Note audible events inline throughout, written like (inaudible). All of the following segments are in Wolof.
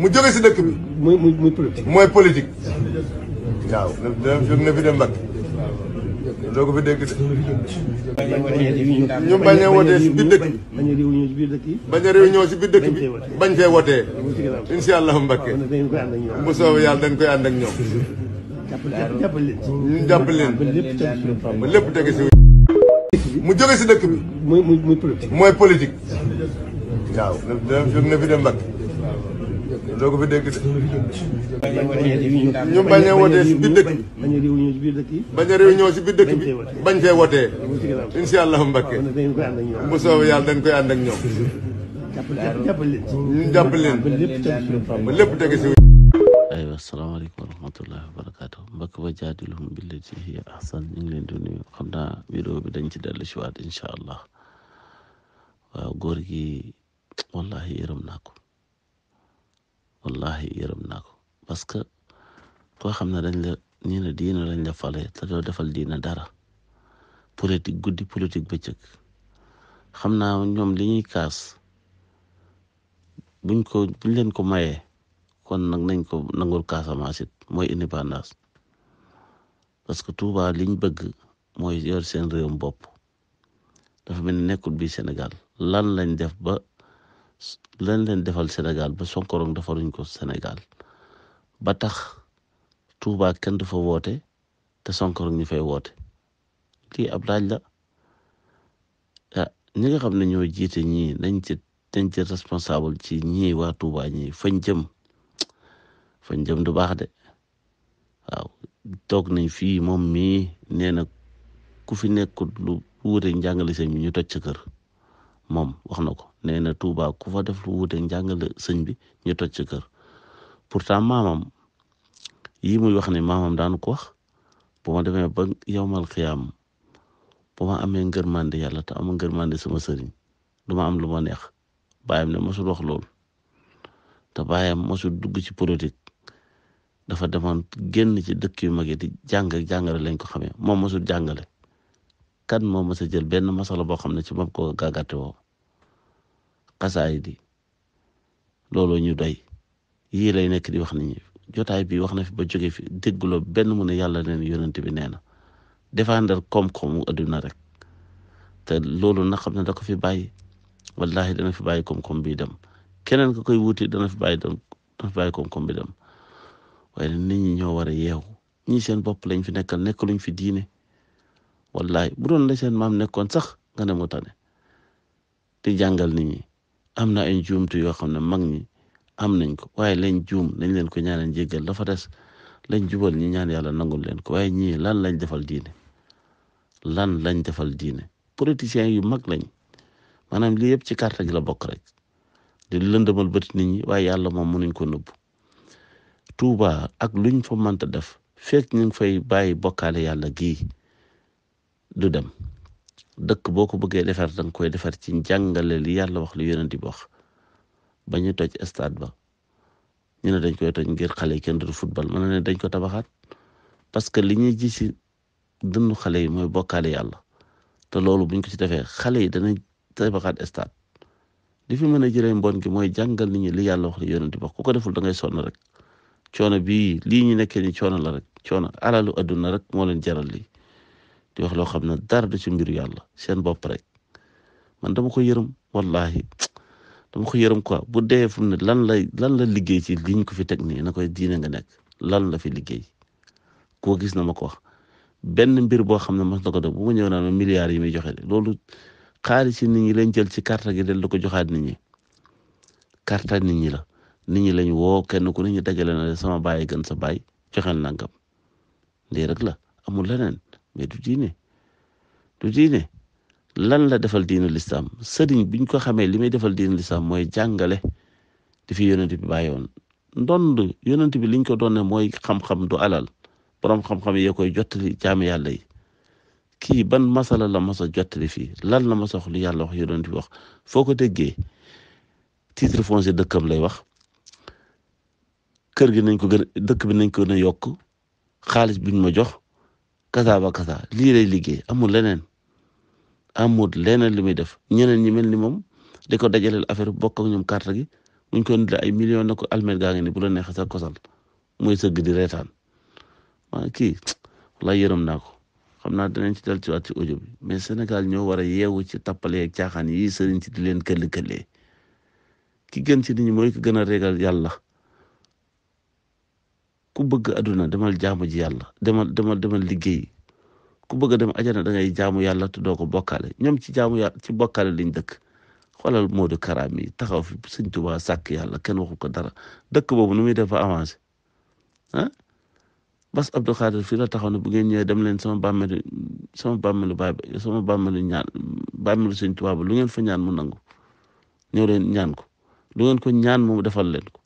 mu jóge si dëkk bi. muy mooy politique. mooy politique. waaw na fi dem Mbacke. doo ko de. ñu a wotee si biir dëkk bi. a réunion si biir dëkk bi. bañ a réunion si biir dëkk bi bañ fee wotee. incha allahu Mbacke. bu soobee yàlla dañ koy ànd ak ñoom. jàppale leen ñu jàppale leen ba lépp tege mu jóge si dëkk bi. mooy mooy politique. mooy politique. waaw na fi dem doo ko fi de. ñu bañ a wotee si biir dëkk bi. bañ a réunion si biir dëkk bi. bañ a réunion si biir dëkk bi bañ fee wotee. dañ koy ànd ak lépp tege si. aywa salaamaaleykum wa rahmatullahi wa barakaatu mbokk ba jaadilhum hiya ahsan ñu ngi leen di nuyu xam naa vidéo bi dañ ci dellu si waat gi wallahi yërëm naa wallahi yërëm naa ko parce que koo xam na dañ la ñii ne diina lañ la fale te doo defal diina dara politique guddi politique jëkk xam naa ñoom li ñuy kaas buñ ko buñ leen ko mayee kon nag nañ ko nangul Casamance it mooy indépendance parce que Touba liñ bëgg mooy yor seen réewum bopp dafa mel ni nekkul bi Sénégal lan lañ def ba lan leen defal Sénégal ba Sonkorong defaruñ ko Sénégal ba tax Touba kenn du fa woote te Sonkorong ñu fay woote lii ab laaj la ah xam ne ñoo jiite ñii dañ ci dañ ci responsable ci ñii waa Touba ñii fañ jëm fañ jëm du baax de toog nañ fii moom mii nee na ku fi nekkul lu wuute njàngale seen mi ñu toj sa kër. moom wax na ko nee na Touba ku fa def lu wuute njàngale sëñ bi ñu toj ci kër pourtant maamam yii muy wax ni maamam daanu ko wax bu ma demee ba yowmal xiyaam bu ma amee ngërmande yàlla te ama ngërmande sama sëriñ du ma am lu ma neex bàyyam ne mosul wax te bàyyam mosul dugg ci politique dafa demoon génn ci dëkk yu mag yi di jàng jàngale lañ ko xamee moom mosul jàngale kan moom mës a jël benn masala boo xam ne ci moom ko gàggate woo xasaayid di looloo ñu doy yii lay nekk di wax nit ñi jotaay bii wax na fi ba jóge fi déggloo benn mu ne yàlla neen yonent bi nee na défendre koom-koomu adduna rek te loolu na xam ne da ko fi bàyyi wallahi dana fi bàyyi koom-koom bi dem keneen ka koy wuti dana fi bàyyi dem dana fi bàyyi koom-koom bi dem waaye nit ñi war a yeewu ñii seen bopp lañ fi nekkal nekk luñ fi diine wallahi bu doon la seen maam nekkoon sax nga ne mu tane di jàngal nit ñi am na ay njuumte yoo xam ne mag ñi am nañ ko waaye lañ juum nañ leen ko ñaanal jéggal dafa des lañ jubal ñi ñaan yàlla nangul leen ko waaye ñii lan lañ defal diine lan lañ defal diine politiciens yu mag lañ maanaam lii yëpp ci carte gi la bokk rek di lëndëmal bët nit ñi waaye yàlla moom mënuñ ko nëbbu Tuuba ak luñ fa mënta def fekk ñu ngi fay bàyyi bokkaale yàlla gii du dem dëkk boko ko bëggee defar da koy defar ci njàngale li yalla wax lu yonent bi wax bañu toj stade ba ñu ne dañ koy toj ngir xalé kën du football mëna na ne dañ ko tabaxat parce que li ñuy ji ci dënnu xalé yi mooy bokkaale yàlla te loolu buñ ko ci defee xalé yi danañ tabaxaat stade li fi mëna a mbon gi moy jàngal nit ñi li yalla wax lu yonent bi wax ku ko deful da ngay sonn rek coono bi li ñu nekkee ni coono la rek coono alalu aduna rek mo leen jaral li di wax loo xam ne dara du ci mbir yàlla seen bopp rek man dama ko yërëm wallahi dama ko yërëm quoi bu dee fu ne lan la lan la liggéey ci liñ ko fi teg nii na koy diine nga nekk lan la fi liggéey koo gis na ma ko wax benn mbir boo xam ne mas na ko def bu ma ñëw naan milliards yi may joxe loolu xaalis yi nit ñi lañ jël ci carte gi del la ko joxaat nit ñi carte nit ñi la nit ñi lañ woo kenn ku nit ñi dajale na sama baay gën sa baay joxel nangam lii rek la amul leneen mais du diine du diine lan la defal diinu lislaam sëriñ biñ ko xamee li may defal diinu lislaam mooy jàngale di fi yonent bi bàyyi woon ndond yonent bi liñ ko doon ne mooy xam-xam du alal borom xam-xam yi koy jottali jaam yàlla yi kii ban masala la mas a fii lan la mas a lu yàlla wax yonent bi wax foo ko déggee titre foncier dëkkam lay wax kër gi nañ ko gën dëkk bi nañ ko gën a yokk xaalis biñ ma jox kasa ba kasa lii lay liggéey amul leneen amul leneen li muy def ñeneen ñi mel ni moom di ko dajaleel affaire bokk ak ñoom carte gi ñu ko indil ay million na ko almet gaa ngi ni bu la neexee sa kosal muy sëgg di reetaan waa kii wala yërëm naa ko xam naa danañ ci dal ci waat ci audio bi mais Sénégal ñoo war a yeewu ci tappale ak caaxaan yi sëriñ ci di leen këlli këllee ki gën ci nit ñi mooy ki gën a régal yàlla ku bëgg aduna demal jaamu ji yàlla demal demal demal liggéey ku bëgg a dem ajana da ngay jaamu yàlla te doo ko bokkaale ñoom ci jaamu yàlla ci bokkaale liñ dëkk xoolal Modou Karaam yi taxaw fi Sëñ Tuubaa sàkk yàlla kenn waxu ko dara dëkk boobu nu muy def fa avancé ah Bass Abdou Khadir fii la taxaw ne bu ngeen ñëwee dem leen sama bàmmeelu sama bàmmeelu baay sama bàmmeelu ñaan Sëñ Tuubaa lu ngeen fa ñaan mu nangu ñëw leen ñaan ko lu ko ñaan moom defal leen ko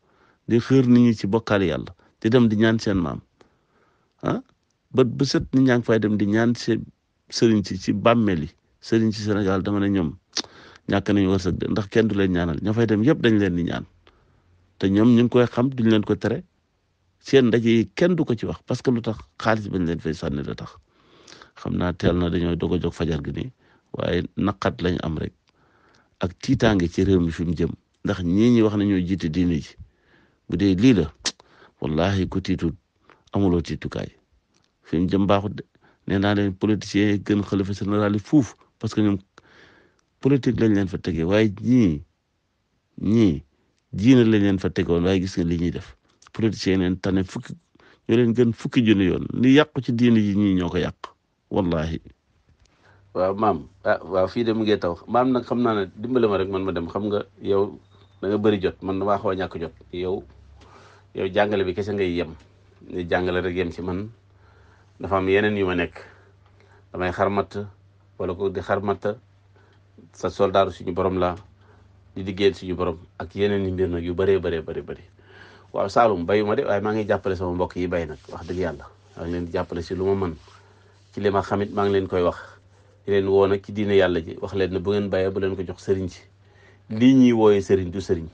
di xër nit ci bokkaale yàlla te dem di ñaan seen maam ah bët bu set ñaa ngi fay dem di ñaan seen sëriñ si ci bàmmeel yi sëriñ si senegal dama ne ñoom ñàkk nañu wërsëg de ndax kenn du leen ñaanal ñoo fay dem yëpp dañ leen di ñaan te ñoom ñu ngi koy xam duñ leen ko tere seen ndaje yi kenn du ko ci wax parce que lu tax xaalis bañ leen fay sànni la tax xam naa teel na dañoo doog a jóg fajar gi ni waaye naqat lañ am rek ak tiitaange ci réew mi fi mu jëm ndax ñii ñi wax nañoo jiit diine ji bu dee lii wallahi ku tiitul amuloo tiitukaay fi mu jëm de nee naa leen politiciens gën xalifa général yi fuuf parce que ñoom politique lañ leen fa tegee waaye ñii ñii diine lañ leen fa tegoon waaye gis nga li ñuy def politiciens neen tane fukki ñoo leen gën fukki junni yoon li yàqu ci diine yi ñii ñoo ko yàq wallahi waaw maam ah waaw fii de mu ngi taw maam nag xam naa ne dimbale ma rek man ma dem xam nga yow da bari jot man damaa xaw a ñàkk jot yow yow jàngale bi kese ngay yem ni jàngale rek yem ci man dafa am yeneen yu ma nekk damay xarmat wala ko di xarmat sa soldaaru suñu borom la di liggéeyal suñu borom ak yeneen i mbir nag yu bëree bëree bëri bëri waaw Saalum bayu ma de waaye maa ngi jàppale sama mbokk yi bay nag wax dëgg yàlla leen di jàppale si lu ma mën ci li ma xamit maa ngi leen koy wax di leen woo nag ci diine yàlla ji wax leen ne bu ngeen bàyyee bu leen ko jox sëriñ ci lii ñuy wooyee sëriñ du sëriñ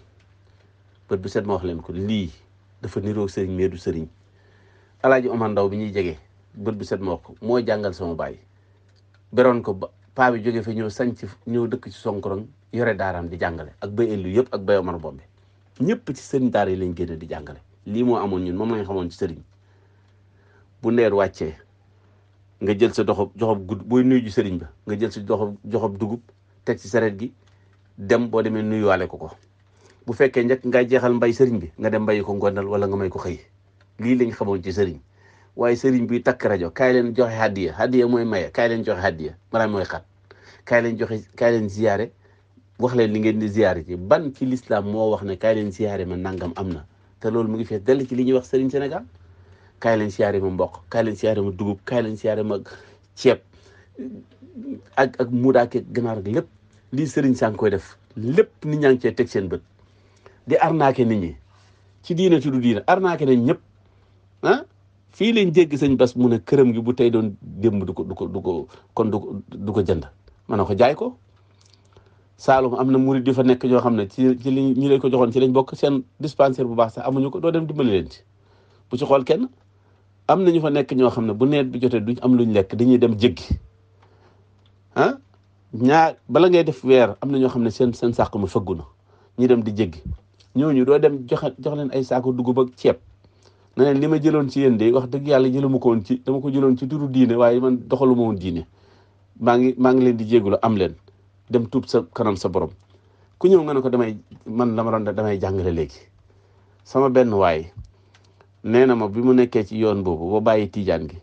bët bu set ma wax leen ko lii dafa niroog sëriñ mais du sëriñ alaaji Omar Ndaw bi ñuy jege bët bu set moo ko moo jàngal sama baay beroon ko ba paa jóge fa ñëw sanc ñëw dëkk ci Sonkorong yore daaram di jàngale ak bay ellu yëpp ak bay Omar Bombe ñëpp ci sëriñ daara yi lañ génn di jàngale lii moo amoon ñun moom lañ xamoon ci sëriñ bu ndeer wàccee nga jël sa doxob joxob gudd booy nuy ji sëriñ ba nga jël sa doxob joxob dugub teg ci sareet gi dem boo demee nuyuwaale ko ko bu fekkee njekk nga jeexal mbay sëriñ bi nga dem mbayi ko ngondal wala nga may ko xëy lii lañ xamoon ci sëriñ waaye sëriñ bi takk rajo kaay leen joxe hadiya mooy maye kaay leen joxe hadiya maanaam mooy xat kaay leen joxe kaay leen ziyaare wax leen li ngeen di ziyaare ci ban ci lislaam moo wax ne kaay leen ziyaare ma nangam am na te loolu mu ngi fees dell ci li ñuy wax sëriñ senegal kaay leen siyaare ma mboq kaay leen siyaare ma dugub kay leen siyaare ma ceeb ak ak muudaake ganaar ak lépp lii sëriñ saa ngi koy def lépp nit ñaa ngi cee teg seen bët di arnaqué nit ñi ci diina ci du diina arnaqué nañ ñëpp ah fii lañ jéggi sëñ bas mun ne këram gi bu tey doon démb du ko du ko du kon du ko du ko jënd ma ne ko jaay ko Saalum am na murid yu fa nekk ñoo xam ne ci li ñu leen ko joxoon ci lañ bokk seen dispensaire bu baax sax amuñu ko dem dimbali leen ci bu xool kenn am na ñu fa nekk ñoo xam ne bu nawet bi jotee duñ am luñ lekk dañuy dem jéggi ah ñaar bala ngay def weer am na ñoo xam ne seen seen sàq mu fëggu na ñu dem di jéggi ñu doo dem jox jox leen ay saako dugub ak ceeb na leen li ma jëloon ci yéen de wax dëgg yàlla jëluma ko woon ci dama ko jëloon ci turu diine waaye man doxalu ma woon diine maa ngi maa ngi leen di jégalu am leen dem tuub sa kanam sa borom ku ñëw nga ne ko damay man dama doon damay jàngale léegi sama benn waay nee na ma bi mu nekkee ci yoon boobu ba bàyyi tiijaan gi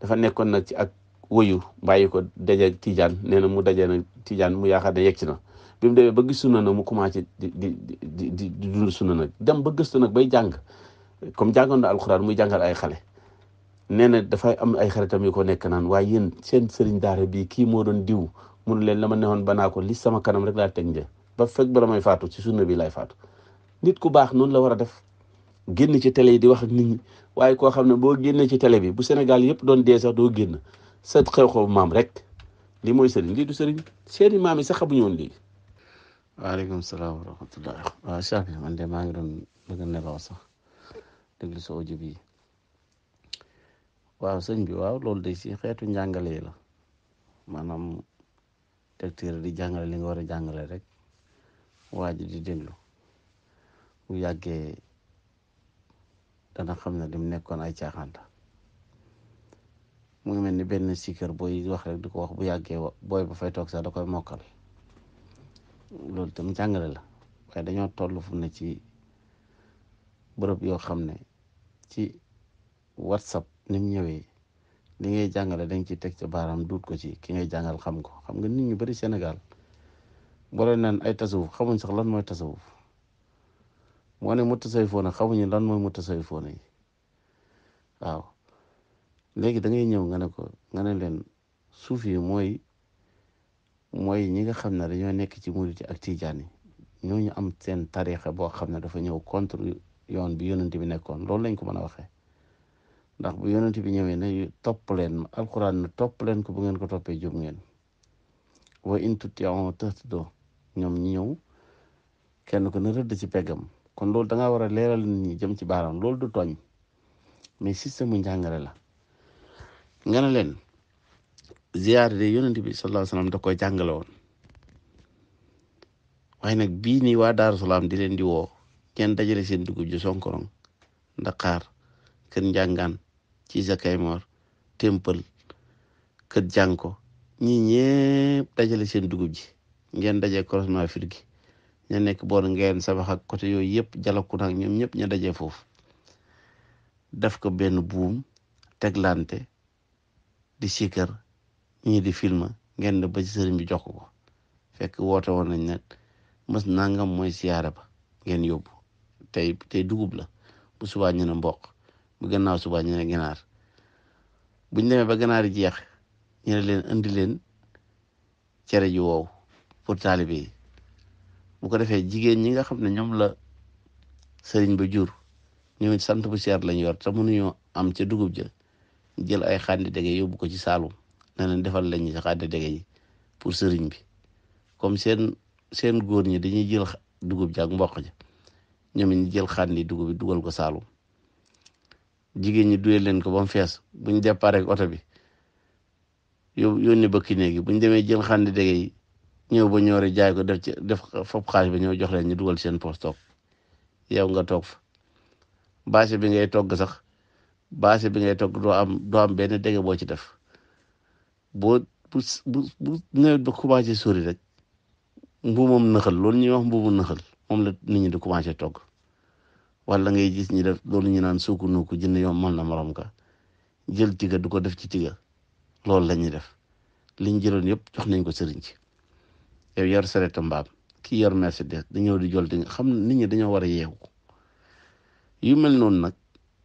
dafa nekkoon nag ci ak woyu bàyyi ko daje tiijaan nee na mu daje na tiijaan mu yaakaar ne yegg na bi mu demee ba gis sunna nag mu commencé di di di di di nag dem ba gëstu nag bay jàng comme jàngoon na alxuraan muy jàngal ay xale nee na dafay am ay xaritam yu ko nekk naan waaye yéen seen sëriñ daara bii kii moo doon diw munu leen la ma neexoon banaa ko li sama kanam rek laa teg nje ba fekk bala may faatu ci sunna bii laay faatu nit ku baax noonu la war a def génn ci tele yi di wax ak nit ñi waaye koo xam ne boo génnee ci tele bi bu Sénégal yëpp doon dee sax doo génn sa xew-xew maam rek li mooy sëriñ lii du sëriñ seeni maam yi sax xamuñu woon lii waaleykum salaam wa rahmatullah waaw ah, Chafi man de maa ngi doon bëgg nelaw sax déglu sa bi waaw sëñ bi waaw loolu de si xeetu njàngale yi la maanaam docteur di jàngale li nga war a jàngale rek waa ji di déglu bu yàggee dana xam ne lim nekkoon ay caaxaanta mu ngi mel ni benn sikkër booy wax rek di ko wax bu yàggee booy ba fay toog sax da koy mokkal loolu tam jàngale la waaye dañoo toll fu ne ci bërëb yoo xam ne ci whatsapp ni ñëwee li ngay jàngale dañ ci teg ci baaraam duut ko ci ki ngay jàngal xam ko xam nga nit ñu bari senegal boole naan ay tasawuf xamuñ sax lan mooy tasawuf moo ne mutasawifoon xamuñu lan mooy mutasawifoon yi waaw léegi dangay ñëw nga ne ko nga ne leen suuf yi mooy mooy ñi nga xam ne dañoo nekk ci muriti ak yi ñoo ñu am seen tarixa boo xam ne dafa ñëw contre yoon bi yonent bi nekkoon loolu lañ ko mën a waxee ndax bu yonent bi ñëwee ne topp leen alquran na topp leen ko bu ngeen ko toppee jub ngeen wa in tuti'u tahtadu ñoom ñi ñëw kenn ko na rëdd ci peggam kon loolu da ngaa war a leeral nit ñi jëm ci baaraam loolu du toñ mais système mu njàngale la nga leen ziyaar de yonent bi sallallahu alayhi wa da ko jàngale woon waaye nag bii nii waa Daaru Salaam di leen di woo kenn dajale seen dugub ji Sonkorong Ndakaar kër Njàngaan ci Zakaymor Temple kër ko ñi ñëpp dajale seen dugub ji ngeen daje croisement firgi ña nekk boor ngeen sabax ak côté yooyu yëpp jalaku nag ñoom ñëpp ña dajee foofu def ko benn buum teglante di sikar ñii di film ngeen ba ci sëriñ bi jox ko fekk woote woon nañ nag mës nangam mooy siyaare ba ngeen yóbbu tey tey dugub la bu subaa ñu ne mboq bu gannaaw subaa ñu ne ganaar buñ ne ba ganaar jeex ñu ne leen indi leen cere ji woow pour taalibe bu ko defee jigéen ñi nga xam ne ñoom la sëriñ ba jur ñoom sant bu seer lañ yor te mënuñoo am ca dugub ja jël ay xandi dege yóbbu ko ci saalum na leen defal lañ ci xàdde dege yi pour sëriñ bi comme seen seen góor ñi dañuy jël dugub ji ak mboq ji ñoom ñu jël xàndi dugub dugal ko saalum jigéen ñi duyee leen ko ba mu fees bu ñu départ ak oto bi yónni bëkki néegi bu demee jël xàndi yi ñëw ba ñoore jaay ko def ci def fop xaalis ba ñëw jox leen ñu dugal seen poos toog yow nga toog fa baase bi ngay togg sax baase bi ngay togg doo am doo am benn dege boo ci def boo bu bu nawet ba commencé sori rek mbuumam nëxal loolu ñuy wax mbuumu nëxal moom la nit ñi di commencé togg wala ngay gis ñi def loolu ñu naan suuku nuuku jënd yoom man na moroom ka jël tiga du ko def ci tiga loolu la def liñ jëloon yëpp jox nañ ko sëriñ ci yow yor sareetu mbaam kii yor Mercedes dañoo di jol di nga xam nit ñi dañoo war a yeewu yu mel noonu nag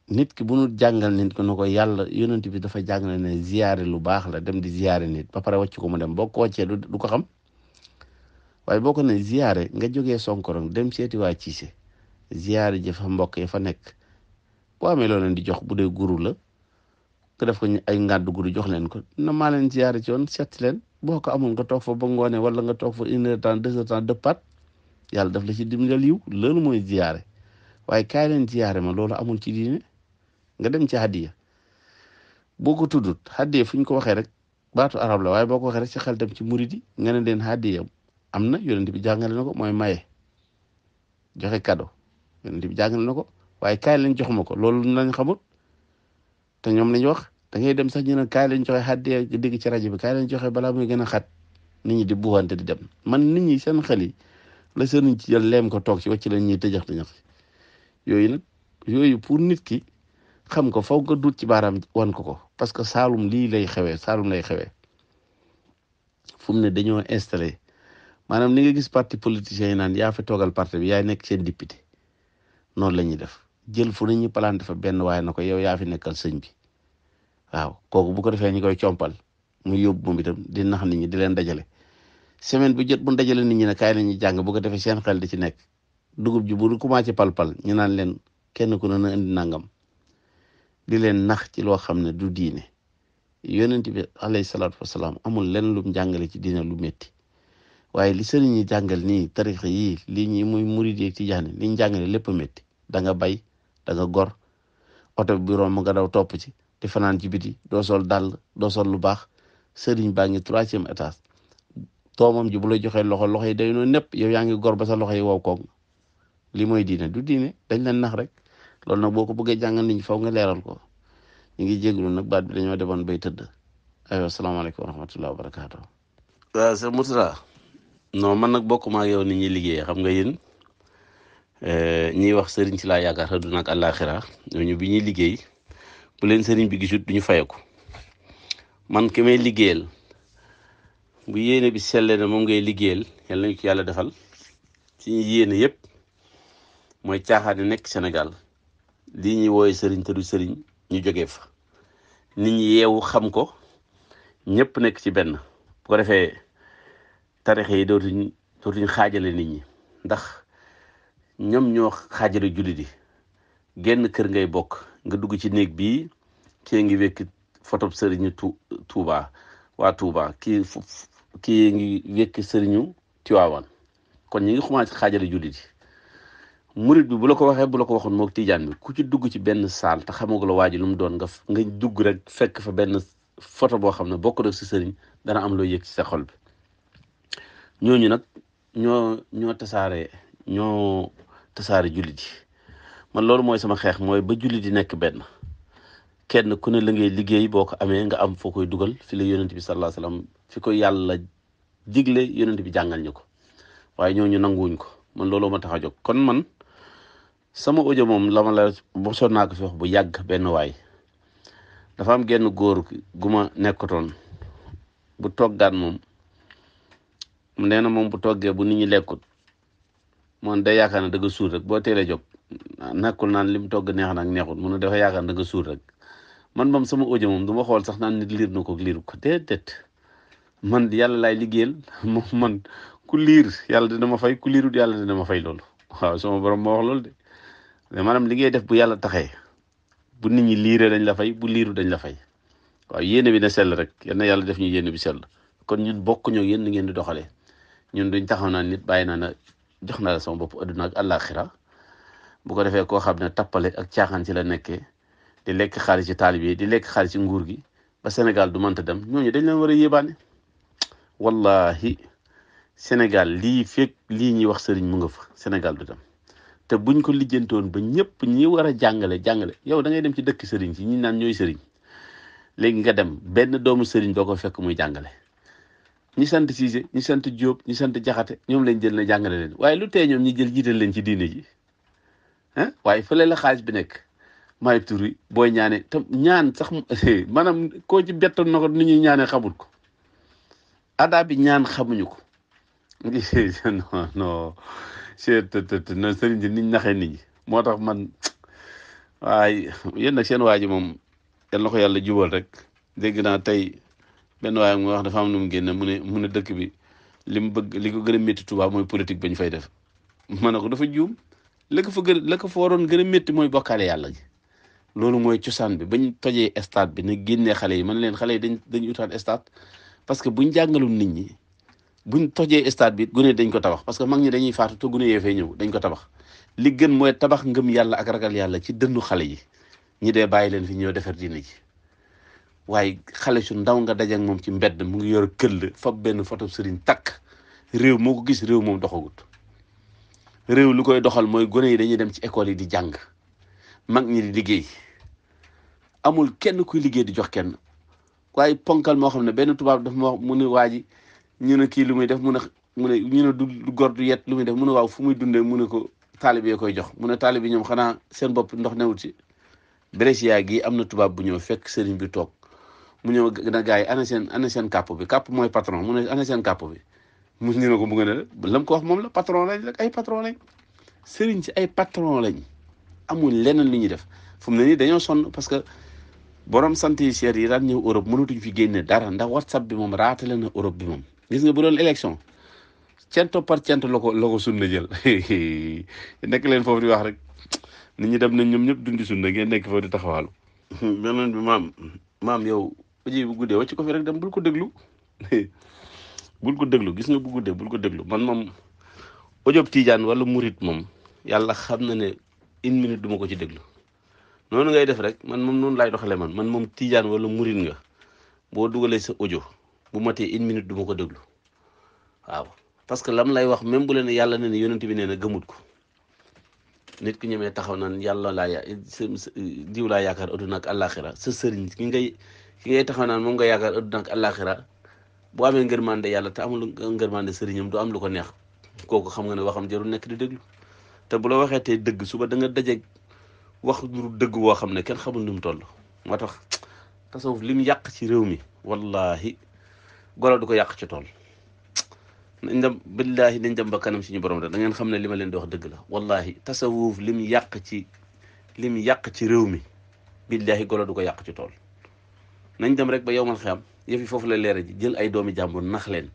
nit ki bu nu jàngal nit ko na ko yàlla yonent bi dafa jàngale ne ziyaare lu baax la dem di ziyaare nit ba pare wàcc ko mu dem boo ko wàccee du ko xam waaye boo ko ne ziyaare nga jógee Sonkorong dem seeti waa Cissé ziyaare je fa mbokk yi fa nekk boo amee loo leen di jox bu dee guru la nga def ko ay ngàddu guru jox leen ko na maa leen ziyaare ci woon leen boo ko amoon nga toog fa ba ngoone wala nga toog fa une heure temps deux heures temps yàlla daf la ci dimbali yiw loolu mooy ziyaare nga dem ci hadiya boo ko tuddut hadiya fu ñu ko waxee rek baatu arab la waaye boo ko waxee rek ci xel dem ci murid yi nga ne leen hadiya am na yonent bi jàngale na ko mooy maye joxe cadeau yonent bi na ko waaye kaay leen jox ma ko loolu lañ xamut te ñoom lañ wax da dem sax ñu ne kaay leen joxe hadiya ci rajo bi kaay leen joxe balaa muy gën a xat nit ñi di buuxante di dem man nit ñi seen xel yi la seen ci jël leem ko toog ci wàcc leen ñuy tëjax tëjax yooyu nag yooyu nit ki. xam ko faw nga dut ci baaraam wan ko ko parce que Saalum lii lay xewee Saalum lay xewe fu ne dañoo installé maanaam ni nga gis parti politicien yi naan yaa fi toogal parti bi yaay nekk seen député noonu la ñuy def jël fu ne ñu planté fa benn waaye na ko yow yaa fi nekkal sëñ bi waaw kooku bu ko defee ñu koy compal mu yóbbu moom itam di nax ni ñi di leen dajale semaine bu jot bu dajale ni ñi ne kaay nañu jàng bu ko defee seen xel di ci nekk dugub ji bu commencé palpal ñu naan leen kenn ku ne na indi nangam di leen nax ci loo xam ne du diine yonent bi alayhi salaatu wasalaam amul lenn lum jàngale ci diine lu metti waaye li sëriñ yi jàngal nii tarix yii lii ñi muy murid ci tijaani liñ jàngale lépp métti da nga bay da nga gor oto bi romb nga daw topp ci di fanaan ci biti doo sol dàll doo sol lu baax sëriñ baa ngi troisième étage doomam ji bu la joxee loxo loxo yi day noonu népp yow yaa ngi gor ba sa loxo yi wow koog lii mooy diine du diine dañ leen nax rek loolu nag boo ko bëggee jàngal nit ñi faw nga leeral ko ñu ngi jéglu nag baat bi dañoo demoon bay tëdd aywa salaamaaleykum wa rahmatullahi wa barakaatu waaw sëñ Mourtada man nag bokk ak yow nit ñi xam nga yéen eh, ñiy wax sëriñ ci laa yaakaar àdduna ak àllaaxira ñooñu bi ñuy liggéey bu leen sëriñ bi gisut duñu fayeku man ki may liggéeyal bu yéene bi sellee ne moom ngay liggéeyal yal nañu ko yàlla defal ci ñu yéene yëpp mooy caaxaan nekk senegal li ñuy wooye sëriñ te du sëriñ ñu joge fa nit ñi yeewu xam ko ñëpp nekk ci benn bu ko defee tarixe yi dootuñ dootuñ xaajale nit ñi ndax ñoom ñoo xaajale jullit yi genn kër ngay bokk nga dugg ci néeg bii kii ngi wekk fotob sëriñu tu Touba waa Touba ki kii ngi wekk sëriñu Tiwaawan kon ñu ngi xumaa xaajale jullit yi murit bi bu la ko waxee bu la ko waxoon moog tijaan bi ku ci dugg ci benn saal te xamagula waa ji lu mu doon nga nga dugg rek fekk fa benn photo boo xam ne bokk rek si sëriñ dana am loo yëg ci sa xol bi ñooñu nag ñoo ñoo tasaare ñoo tasaare jullit yi man loolu mooy sama xeex mooy ba jullit yi nekk benn kenn ku ne la liggéey boo ko amee nga am foo koy dugal fi la bi sallallahu alayhi wasallam ko yàlla digle yonent bi jàngal ñu ko waaye ñooñu nanguwuñ ko man looloo ma tax a jóg kon man sama ojo moom lama la mosoon naa ko fi bu yàgg benn waay dafa am genn góor gu ma nekkatoon bu toggaan moom nee na moom bu toggee bu nit ñi lekkut moom day yaakaar ne da nga suur rek boo teelee jóg naan li mu togg neex na ak neexut mu ne dafa yaakaar ne suur rek man moom sama ojo moom du ma xool sax naan nit liir na ko liir ko déedéet man yàlla lay liggéeyal (laughs) moom man ku liir yàlla dina ma fay ku liirut yàlla dina ma fay loolu waaw sama borom moo wax loolu de. mais maanaam li def bu yàlla taxee bu nit ñi liiree dañ la fay bu liiru dañ la fay waaw yéene bi na sell rek yal yàlla def ñu yéene bi sell kon ñun bokk ñoo yéen ngeen di doxalee ñun duñ taxaw nit bàyyi naa na jox naa la sama bopp adduna ak àllaaxira bu ko defee koo xam ne tappale ak caaxaan ci la nekkee di lekk xaalis ci taalib yi di lekk xaalis ci nguur gi ba Sénégal du mënta dem ñooñu dañ leen war a yéebaane wallahi senegal lii fekk lii ñuy wax sëriñ mu nga fa Sénégal du dem te buñ ko lijjantoon ba ñëpp ñi war a jàngale jàngale yow dangay dem ci dëkk sëriñ si ñi naan ñooy sëriñ léegi nga dem benn doomu sëriñ doo ko fekk muy jàngale ñi sant Cissé ñi sant Diop ñi sant Jaxate ñoom lañ jël na jàngale leen waaye lu tee ñoom ñi jël jiital leen ci diine ji ah waaye fële la xaalis bi nekk maay booy ñaanee te ñaan sax (laughs) maanaam koo ci bettoon na ko ni ñuy ñaanee xamul ko adaa bi ñaan xamuñu ko (laughs) seet të na sëriñ si niñ naxee nit ñi moo tax man waaye yéen nag seen waa ji moom yal na ko yàlla jubal rek dégg naa tey benn waaye mu wax dafa am nu mu génne mu ne mu ne dëkk bi li mu bëgg li ko gën a métti Tuubaa mooy politique ba ñu fay def ma ne ko dafa juum la ko fa gën la ko fa gën a métti mooy bokkaale yàlla gi loolu mooy cosaan bi bañ tojee stade bi ne génnee xale yi man leen xale yi dañ dañu utaan stade parce que buñ jàngalul nit ñi bu buñ tojee stade bi gune dañ ko tabax parce que mag ñi dañuy faatu te gune yee fay ñëw dañ ko tabax li gën mooy tabax ngëm yàlla ak ragal yàlla ci dënnu xale yi ñi dee bàyyi leen fi ñëw defar diina ji waaye xale su ndaw nga daje moom ci mbedd mu ngi yor këll fa benn photo sëriñ takk réew moo ko gis réew moom doxagut réew lu koy doxal mooy gone yi dañuy dem ci école yi di jàng mag ñi di liggéey amul kenn kuy liggéey di jox kenn waaye ponkal moo ne benn tubaab ñu ne kii lu muy def mun ne mu ne ñu ne du gor yet lu def mu ne waaw fu muy dundee mu ne ko taalibe yi koy jox mu ne taalibe ñoom xanaa seen bopp ndox newut ci Brescia gi am na tubaab bu ñëw fekk sëriñ bi toog mu ñëw na gars yi ana seen ana kàpp bi kàpp mooy patron mu ne ana seen kàpp bi mu ñu ne ko mu nga ne la ko wax moom la patron lañ rek ay patron lañ sëriñ si ay patron lañ amuñ leneen lu ñuy def fu mu ne nii dañoo sonn parce que borom sant yi cher yi daan ñëw Europe mënatuñ fi génne dara ndax WhatsApp bi moom raatale na Europe bi moom gis nga bu doon élection cento par cento la ko la ko sunna jël (laughs) nekk leen foofu di wax rek nit ñi dem nañ ñoom ñëpp dundi sunna ngeen nekk foofu di taxawaalu beneen (laughs) bi maam maam yow aji bu guddee wàcc ko fi rek dem bul ko déglu (laughs) bul ko déglu gis nga bu guddee bul ko déglu man moom ojob tiijaan wala murit moom yàlla xam na ne une minute duma ko ci déglu noonu ngay def rek man moom noonu laay doxale man man moom tiijaan wala murit nga boo dugalee sa ojo bu matee une minute du ma ko déglu waaw parce que lam lay wax même bu leen yàlla ne ne yonent bi nee na gëmut ko nit ku ñemee taxaw naan yàlla laa ya diw laa yaakaar adduna ak àllaaxira sa sëriñ ki ngay ki ngay taxaw naan moom nga yaakaar adduna ak àllaaxira boo amee ngërmande yàlla te amul ngërmande sëriñam du am lu ko neex kooku xam nga ne waxam jarul nekk di déglu te bu la waxee tey dëgg suba da nga dajeeg wax lu dëgg woo xam ne kenn xamul nu mu toll golo du ko yàq ci tool ndem billahi nañ dem ba kanam suñu borom da ngeen xam ne li ma leen di wax dëgg la wallahi tasawuf lim yàq ci lim yàq ci réew mi billahi golo du ko yàq ci tool nañ dem rek ba yow man xam yëf yi foofu la leera ji jël ay doomi jàmbur nax leen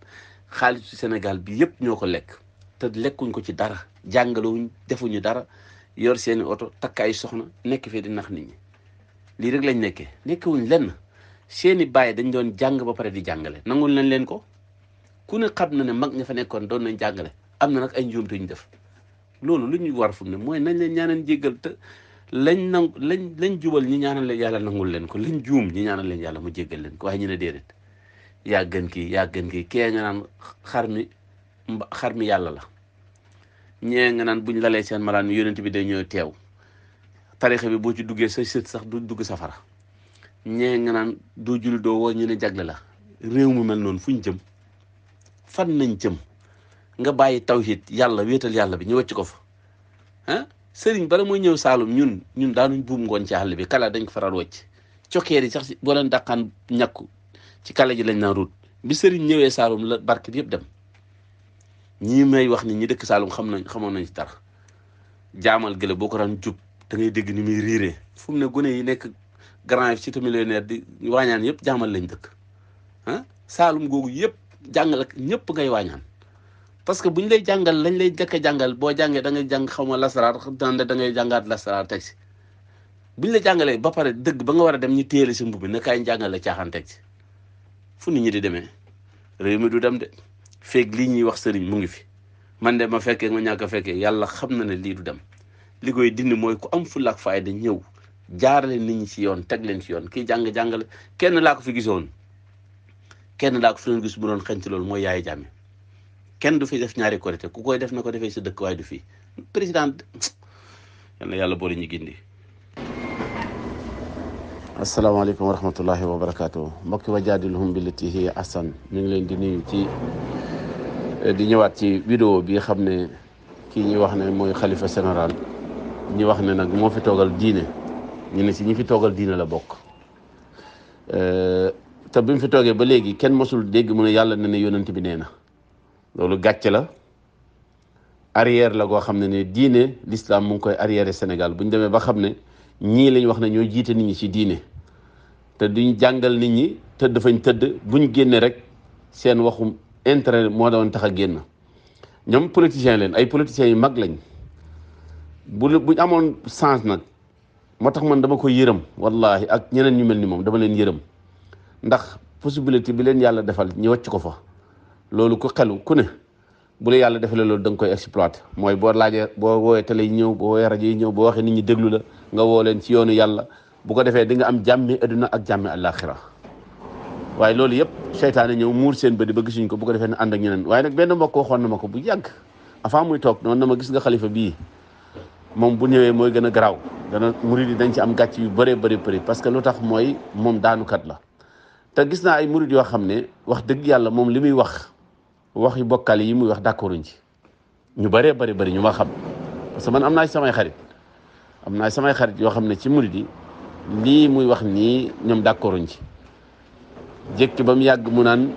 xaalisu Sénégal bi yëpp ñoo ko lekk te lekkuñ ko ci dara jàngalewuñ defuñu dara yor seeni oto takk ay soxna nekk fii di nax nit ñi lii rek lañ nekkee nekkewuñ lenn seeni bàyyi dañ doon jàng ba pare di jàngale nangul nañ leen ko ku ne xam na ne mag ña fa nekkoon doon nañ jàngale am na nag ay njuumte ñu def loolu lu ñu war fu ne mooy nañ leen ñaanal jéggal te lañ nangu lañ lañ jubal ñi ñaanal leen yàlla nangul leen ko lañ juum ñi ñaanal leen yàlla mu jéggal leen ko waaye ñu ne déedéet yaa gën kii yaa ki kii kee nga naan xar mi xar mi yàlla la ñee nga naan buñ lalee seen malaan mi yonent bi day ñëw teew tarixa bi boo ci duggee sa sët sax du dugg safara ñee nga naan doo julli doo woo ñu ne jagle la réew mu mel noonu fu ñu jëm fan nañ jëm nga bàyyi taw tawhid yàlla wéetal yàlla bi ñu wàcc ko fa ah sëriñ bala mooy ñëw saalum ñun ñun daanuñ buum ngoon ci àll bi kala dañ ko faral wàcc cokkeer yi sax si boo leen dàqaan ñàkku ci kala ji lañ naan ruut bi sëriñ ñëwee saalum la barke yëpp dem ñii may wax ni ñi dëkk saalum xam nañ xamoon nañ ci tar jaamal gële boo ko daan jub da ngay ni muy riiree fu ne gune yi nekk Grand Yoff Cité Millionnaire di waañaan yëpp jaamal lañ dëkk ah saalum googu yëpp jàngal ak ñëpp ngay waañaan parce que bu ñu lay jàngal lañ lay jëkk jàngal boo jàngee da ngay jàng xaw ma lasaraar dande da ngay jàngaat lasaraar teg si bu la jàngalee ba pare dëgg ba nga war a dem ñu téele si mbubb bi ne kaay jàngale caaxaan teg si fu ni ñu di demee réew mi du dem de feeg lii ñuy wax sëriñ mu ngi fi man de ma fekkee ma ñàkk a fekkee yàlla xam na ne lii du dem li koy dindi mooy ku am fulla ak dañ ñëw jaar leen nit ñi si yoon teg leen si yoon kii jàng jàngale kenn laa ko fi gisoon kenn laa ko fi doon gis bu doon xënc loolu mooy yaay jàmme kenn du fi def ñaari korité ku koy def na ko defee sa dëkk waaye du fi président yal na yàlla boole ñu gindi. asalaamaaleykum wa rahmatullahi wa barakaatu mbokki wa jaadilhum billati assan ahsan ñu ngi leen di nuyu ci di ñëwaat ci vidéo bi xam ne ki ñuy wax ne mooy xalifa général ñu wax ne nag moo fi toogal diine. ñu ne si ñi fi toogal diina la bokk euh, te bi mu fi toogee ba léegi kenn mosul dégg mu ne yàlla na ne yonent bi nee na loolu gàcce la arrière la goo xam ne ne diine l'islam mu ngi koy arrière Sénégal bu ñu demee ba xam ne ñii lañ wax ne ñoo jiite nit ñi ci diine te duñ jàngal nit ñi tëdd fañ tëdd bu ñu génnee rek seen waxum intérêt moo doon tax a génn ñoom politiciens leen ay politiciens yu mag lañ bu buñ amoon sens nag motax man dama ko yeureum wallahi ak ñeneen ñu melni mom dama leen yeureum ndax possibility bi leen yàlla defal ñi wàcc ko fa lolu ko xelu ku ne bu le yàlla defale lolu dang koy exploiter moy bo laaje bo woyé télé ñëw bo woyé radio ñëw bo waxe nit ñi déglu la nga wo leen ci yoonu yàlla bu ko defé di nga am jàmmi aduna ak jàmmi al-akhirah waye lolu yëpp shaytané ñëw mur seen bëdi bëgg suñ ko bu ko defé ne ànd ak ñeneen waye nak benn mbokk waxon na mako bu yàgg afa muy tok non na ma gis nga khalifa bi moom bu ñëwee mooy gën a garaaw dana murid yi dañ ci am gàcc yu baree bëri bëri parce que lu tax mooy moom daanukat la te gis naa ay murid yoo xam ne wax dëgg yàlla moom li muy wax wax yu bokkale yi muy wax d'accorduñ ci ñu bëree bëri bëri ñu ma xam parce am naa samay xarit am naa samay xarit yoo xam ne ci murid yi lii muy wax nii ñoom d'accorduñ ci jékki ba mu yàgg mu naan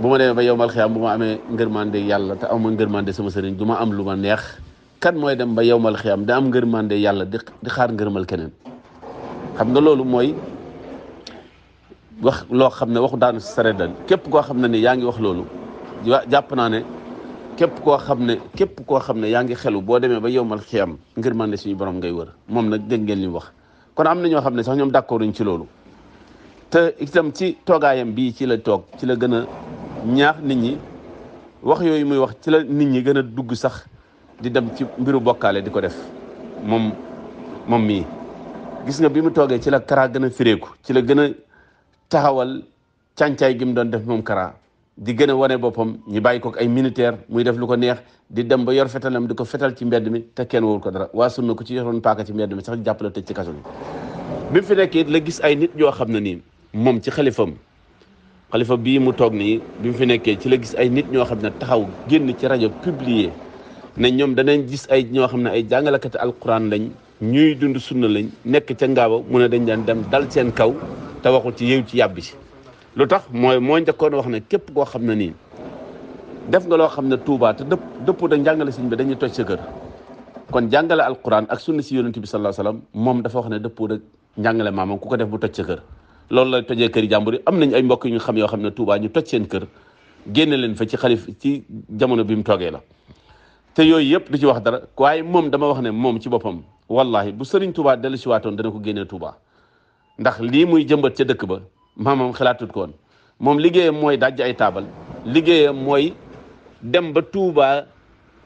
bu ma demee ba yowmal xiyaam bu ma amee ngërmande yàlla te aw ma ngërmande sama sëriñ du ma am lu ma neex kan mooy dem ba yowmal xiyam da am ngërmande yàlla di di xaar ngërmal keneen xam nga loolu mooy wax loo xam ne waxu daanu sare dan képp koo xam ne ne yaa ngi wax loolu jàpp naa ne képp koo xam ne képp koo xam ne yaa ngi xelu boo demee ba yowmal xiyam ngërmande suñu borom ngay wër moom nag dégg ngeen li mu wax kon am na ñoo xam ne sax ñoom d'accord uñ ci loolu te itam ci toogaayam bii ci la toog ci la gën a ñaax nit ñi wax yooyu muy wax ci la nit ñi gën a dugg sax di dem ci mbiru bokkaale di ko def moom moom mii gis nga bi mu toogee ci la Kara gën a firéeku ci la gën a taxawal càncaay gi mu doon def moom Kara di gën a wane boppam ñu bàyyi ko ay militaire muy def lu ko neex di dem ba yor fetalam di ko fetal ci mbedd mi te kenn wóor ko dara waa sunna ko ci yoroon paaka ci mbedd mi sax jàppale te ci kaso bi bi mu fi nekkee la gis ay nit yoo xam ne nii moom ci xalifam xalifa bii mu toog nii bi mu fi nekkee ci la gis ay nit ñoo xam ne taxaw génn ci rajo publier ne ñoom danañ gis ay ñoo xam ne ay jàngalakati alquran lañ ñuy dund sunna lañ nekk ca ngaaba mu ne dañ daan dem dal seen kaw te waxul ci yeew ci yàbbi si lu tax mooy moo njëkkoon wax ne képp koo xam ne nii def nga loo xam ne Touba dëpp dëpp da njàngale sëñ bi dañuy toj sa kër kon jàngale alquran ak sunna si yonent bi sallallahu alayhi moom dafa wax ne dëppoo rek njàngale maamam ku ko def bu toj sa kër lool la tojee kër jàmbur yi am nañ ay mbokk yu ñu xam yoo xam ne Touba ñu toj seen kër génne leen fa ci xalif ci jamono bi mu toogee la te yooyu yëpp du ci wax dara waaye moom dama wax ne moom ci boppam wallahi bu Serigne Touba dellu si waatoon dana ko génnee Touba ndax lii muy jëmbat ca dëkk ba maamam xalaatut koon moom liggéeyam mooy dajj ay taabal liggéeyam mooy dem ba Touba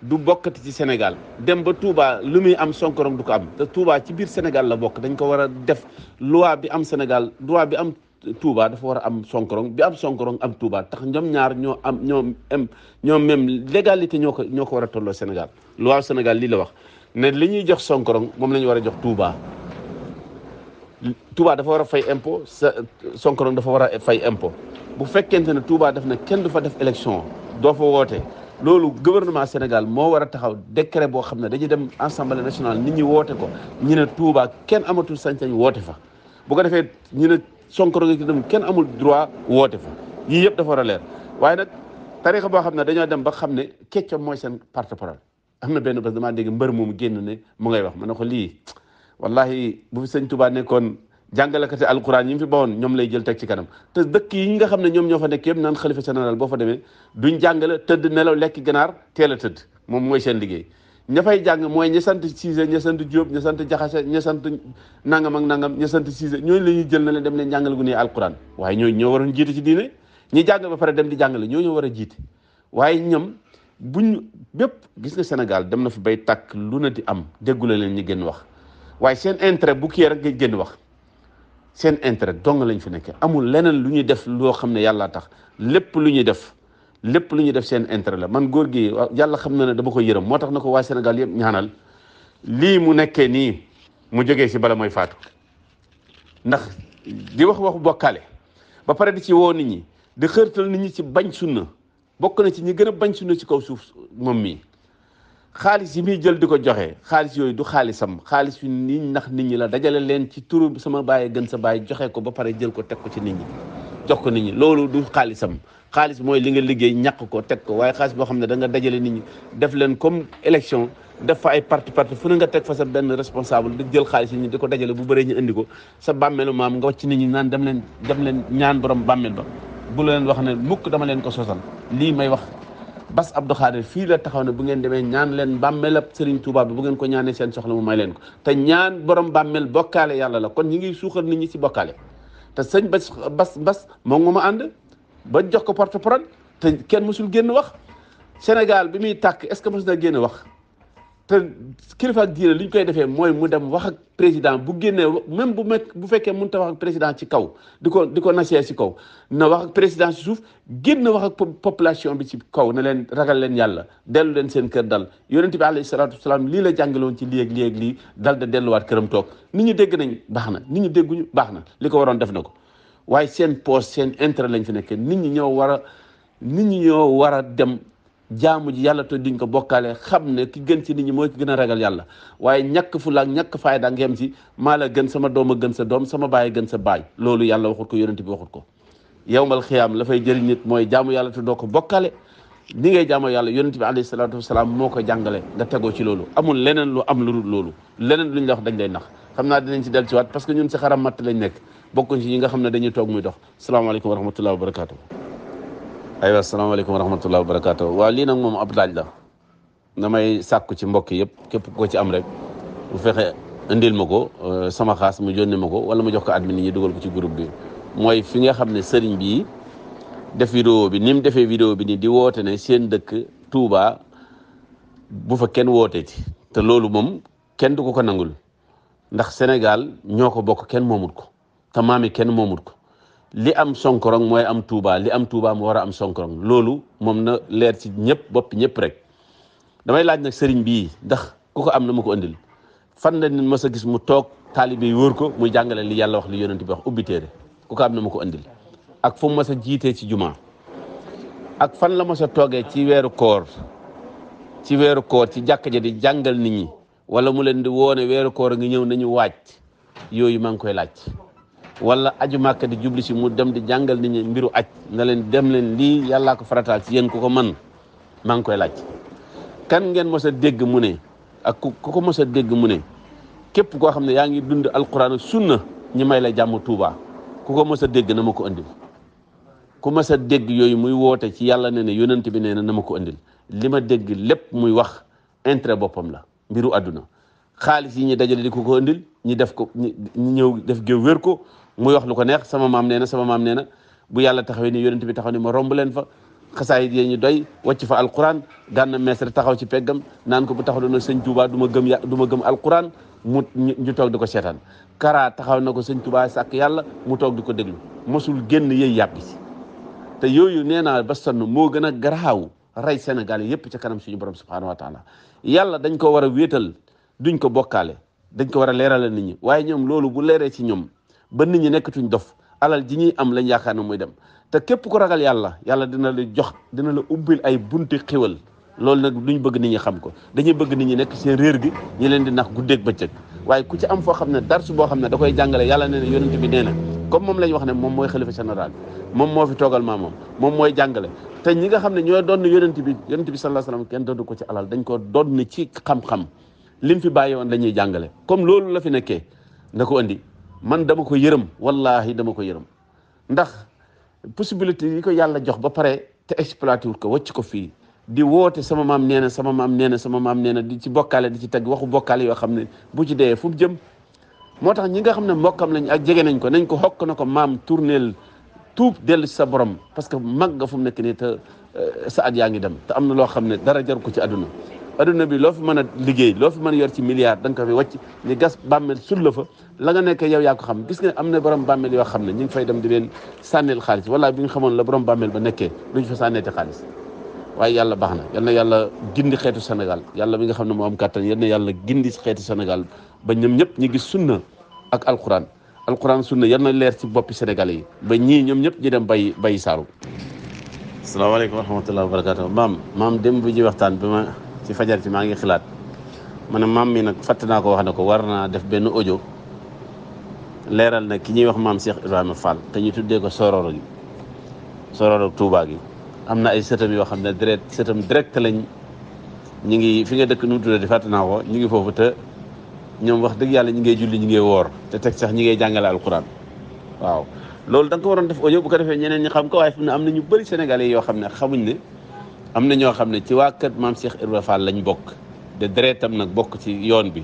du bokkati ci senegal dem ba Touba lu muy am sonkorom du ko am te Touba ci biir Sénégal la bokk dañ ko war a def loi bi am senegal droit bi am Touba dafa war a am Sonkorong bi am Sonkorong am Touba tax ñoom ñaar ñoo am ñoom am ñoom même légalité ñoo ko ñoo ko war a tolloo Sénégal loi Sénégal lii la wax ne li ñuy jox Sonkorong moom la ñu war a jox Touba Touba dafa war a fay impo sa Sonkorong dafa war a fay impôt bu fekkente ne Touba def na kenn du fa def élection doo fa woote loolu gouvernement Sénégal moo war a taxaw décret boo xam ne dañuy dem assemblée nationale nit ñi woote ko ñu ne Touba kenn amatul sañ-sañ woote fa Sonko ngi ci dem kenn amul droit woote fa yii yëpp dafa war a leer waaye nag tarixa boo xam ne dañoo dem ba xam ne keccam mooy seen porte-parole am na benn bés damaa dégg mbër moomu génn ne mu ngay wax ma ne ko lii wallahi bu fi sëñ Tuubaa nekkoon jàngalekati alquran yi mu fi bawoon ñoom lay jël teg ci kanam te dëkk yi nga xam ne ñoom ñoo fa nekk yëpp naan xalifa général boo fa demee duñ jàngale tëdd nelaw lekk ganaar teel a tëdd moom mooy seen liggéey ña fay jàng mooy ña sant Cissé ña sant Diop ña sant Jaxase ña sant nangam ak nangam ña sant Cissé ñooñu la ñuy jël na leen dem leen ñàngale gu ne alquran waaye ñooy ñoo waroon jiite ci diine ñi jàng ba pare dem di jàngale ñoo ñoo war a jiite waaye ñoom buñ bépp gis nga Sénégal dem na fi bay tàkk lu na di am déggule leen ñi gën wax waaye seen intérêt bu kii rek ngay gën wax seen intérêt dong lañu fi nekkee amul leneen lu ñuy def loo xam ne yàlla tax lépp lu ñuy def lépp lu ñuy def seen intérêt la man góor gi yàlla xam na ne dama ko yërëm moo tax na ko waa Sénégal yëpp ñaanal lii mu nekkee nii mu jógee si bala mooy faatu ndax di wax waxu bokkaale ba pare di ci woo nit ñi di xërtal nit ñi ci bañ sunna bokk na ci ñi gën a bañ sunna ci kaw suuf moom mii xaalis yi muy jël di ko joxe xaalis yooyu du xaalisam xaalis yu ni ndax nit ñi la dajale leen ci turu sama baay gën sa baay joxe ko ba pare jël ko teg ko ci nit ñi jox ko nit loolu du xaalisam xaalis mooy li nga liggéey ñàkk ko teg ko waaye xaalis boo xam ne da nga dajale nit ñi def leen comme élection def fa ay parti parti fu ne nga teg fa sa benn responsable di jël xaalis yi ñu ko dajale bu bëree ñu indi sa bàmmeelu maam nga wàcc nit ñi naan dem leen dem ñaan borom bàmmeel ba bu leen wax ne leen ko sosal lii may bu ngeen demee ñaan leen bàmmeel ab Serigne Touba bi bu ngeen ko ñaanee seen soxla mu may leen ko te ñaan borom bàmmeel bokkaale yàlla la kon ñi ngi suuxal nit ñi si bokkaale te sëñ Bass Bass Bass moo ànd ba jox ko porte parole te kenn mësul génn wax Sénégal bi muy tàkk est ce que mës na génn wax te kilifa ak diine li ñu koy defee mooy mu dem wax ak président bu génnee même bu mekk bu fekkee mun a wax ak président ci kaw di ko di ko nasee ci kaw na wax ak président ci suuf génn wax ak population bi ci kaw na leen ragal leen yàlla dellu leen seen kër dal yonent bi alayhi salaatu wasalaam lii la jàngaloon ci lii ak lii dal da delluwaat këram toog nit ñi dégg nañ baax na nit ñi dégguñu baax na li ko waroon def na ko waaye seen poche seen intérêt lañ fi nekkee nit ñi ñoo war nit ñi ñoo war a dem jaamu ji yàlla te duñ ko bokkaale xam ne ki gën ci nit ñi mooy ki gën a ragal yàlla waaye ñàkk fu laak ñàkk fayda nga yem ci maa la gën sama doom a gën sa doom sama baay gën sa baay loolu yàlla waxut ko yonent bi waxut ko yowmal xiyaam la fay jëriñ nit mooy jaamu yàlla te doo ko bokkaale ni ngay jaamoo yàlla yonent bi alayhi salaatu wasalaam moo ko jàngale nga tegoo ci loolu amul leneen lu am lu dul loolu leneen luñ la wax dañ lay nax xam naa dinañ ci dellusiwaat parce que ñun si xaram matt lañ nekk bokkuñ ci ñi nga xam ne dañuy toog muy dox salaamaaleykum wa rahmatullah wa barakaatu. aywa salaamaaleykum wa rahmatullah lii nag moom ab laaj la may sàkku ci mbokk yëpp képp ko ci am rek bu fexe indil ma ko euh, sama xaas mu yónnee ma ko wala mu jox ko admin ñi dugal ko ci groupe bi mooy fi nga xam ne sëriñ bii def vidéo bi ni mu defee vidéo bi nii di woote ne seen dëkk Touba bu fa kenn wooteeti te loolu moom kenn du ko ko nangul ndax Sénégal ñoo ko bokk kenn moomut ko te maami kenn moomut ko li am sonkorong mooy am Touba li am Touba mu war a am sonkorong loolu moom na leer ci ñëpp bopp ñëpp rek damay laaj nag sëriñ bii ndax ku ko am na ma ko andil fan la nit a gis mu toog taalibe yi wóor ko muy jàngale li yàlla wax li yonent bi wax ubbi téere ku am na ma ko andil ak fu mu mës a jiitee ci jumaa ak fan la mës a toogee ci weeru koor ci weeru koor ci jàkka ja di jàngal nit ñi wala mu leen di woone weeru koor ngi ñëw nañu waaj yooyu maa ngi koy laaj wala aju màkk di jubli si mu dem di jàngal nit ñi mbiru aj na leen dem leen lii yàllaa ko farataal ci yéen ku ko man maa ngi koy laaj kan ngeen mos a dégg mu ne ak ku ko mos dégg mu ne képp koo xam ne yaa ngi dund alquran sunna ñi may la jàmm tuuba ku ko mos a dégg na ma ko andil ku mos a dégg yooyu muy woote ci yàlla ne ne yonent bi nee na na ma ko andil li ma dégg lépp muy wax intérêt boppam la mbiru àdduna xaalis yi ñu dajale di ko ko andil ñi def ko ñi ñëw def géew wér ko muy wax lu ko neex sama maam nee na sama maam nee na bu yàlla taxawee ni yonent bi taxaw ni ma romb leen fa xasaayit yee ñu doy wàcc fa alquran gànna meesare taxaw ci peggam naan ko bu taxaw doona sëñ Tuubaa du ma gëm yà gëm alquran mu ñu toog di ko seetaan kara taxaw na ko sëñ Tuubaa sàkk yàlla mu toog di ko déglu mosul génn yëy yàbbi te yooyu nee naa ba sonn moo gën a garaaw rey Sénégal yëpp ci kanam suñu borom subhaanahu wa taala yàlla dañ ko war a wéetal duñ ko bokkaale dañ ko war a leeralal nit ñi waaye ñoom loolu bu leeree ci ñoom ba nit ñi nekkatuñ dof alal ji ñuy am lañ yaakaar ne mooy dem te képp ku ragal yàlla yàlla dina la jox dina la ubbil ay bunti xéwal loolu nag duñ bëgg nit ñi xam ko dañuy bëgg nit ñi nekk seen réer gi ñi leen di nax guddeeg bëccëg waaye ku ci am foo xam ne darsu boo xam ne da koy jàngale yàlla nee na yonent bi nee na moom lañ wax ne moom mooy xalifa général moom moo fi toogal maamam moom mooy jàngale te ñi nga xam ne ñooy doon yonent bi yonent bi sallallahu alayhi wasallam kenn doon ko ci alal dañ ko doon ci xam-xam lim fi bàyyi woon la ñuy comme loolu la fi nekkee na ko andi man dama ko yërëm wallahi dama ko yërëm ndax possibilité yi ko yàlla jox ba pare te exploité wul ko wacc ko fii di woote sama maam nee na sama maam nee na sama maam nee na di ci bokkaale di ci teg waxu bokkaale yoo xam ne bu ci dee fu jëm moo tax ñi nga xam ne mbokkam lañ ak jege nañ ko nañ ko xokk na ko maam tourneel tuub dellu si sa borom parce que mag nga fu mu nekk te euh, sa at yaa ngi dem te am na loo xam ne dara jar ko ci àdduna aduna bi loo fi mën a liggéey loo fi mën a yor ci milliard da nga ko fi wàcc ni gas bàmmeel sulla fa la nga nekk yow yaa ko xam gis nga am na borom bàmmeel yoo xam ne ñu ngi fay dem di leen sànneel xaalis wala bi ñu xamoon la borom bàmmeel ba nekkee duñ fa sànneeti xaalis waaye yàlla baax na yal na yàlla gindi xeetu Sénégal yàlla bi nga xam ne moo am kàttan yal na yàlla gindi xeetu Sénégal ba ñoom ñëpp ñu gis sunna ak alquran alquran sunna yal na leer ci boppi Sénégal yi ba ñii ñoom ñëpp ñu dem bay bay saaru asalaamaaleykum wa rahmatulah wa barakatuh maam maam dem bu ji waxtaan bi ma ci fajar ci maa ngi xalaat ma maam mi nag fàtte naa ko wax ne ko war naa def benn ojo leeral na ki ñuy wax maam Cheikh Ibrahima Fall te ñu tuddee ko sororo gi sororo Touba gi am na ay sëtam yoo xam ne direct sëtam direct lañ ñu ngi fi nga dëkk nu mu tuddee di fàtte naa ko ñu ngi foofu te ñoom wax dëgg yàlla ñi ngay julli ñi ngay woor te teg sax ñi ngay jàngale alquran waaw loolu da nga ko waroon def audio bu ko defee ñeneen ñi xam ko waaye fi mu am na ñu bëri sénégalais yoo xam ne xamuñ ne am na ñoo xam ne ci waa kër maam Cheikh Ibra Fall lañ bokk de deretam nag bokk ci yoon bi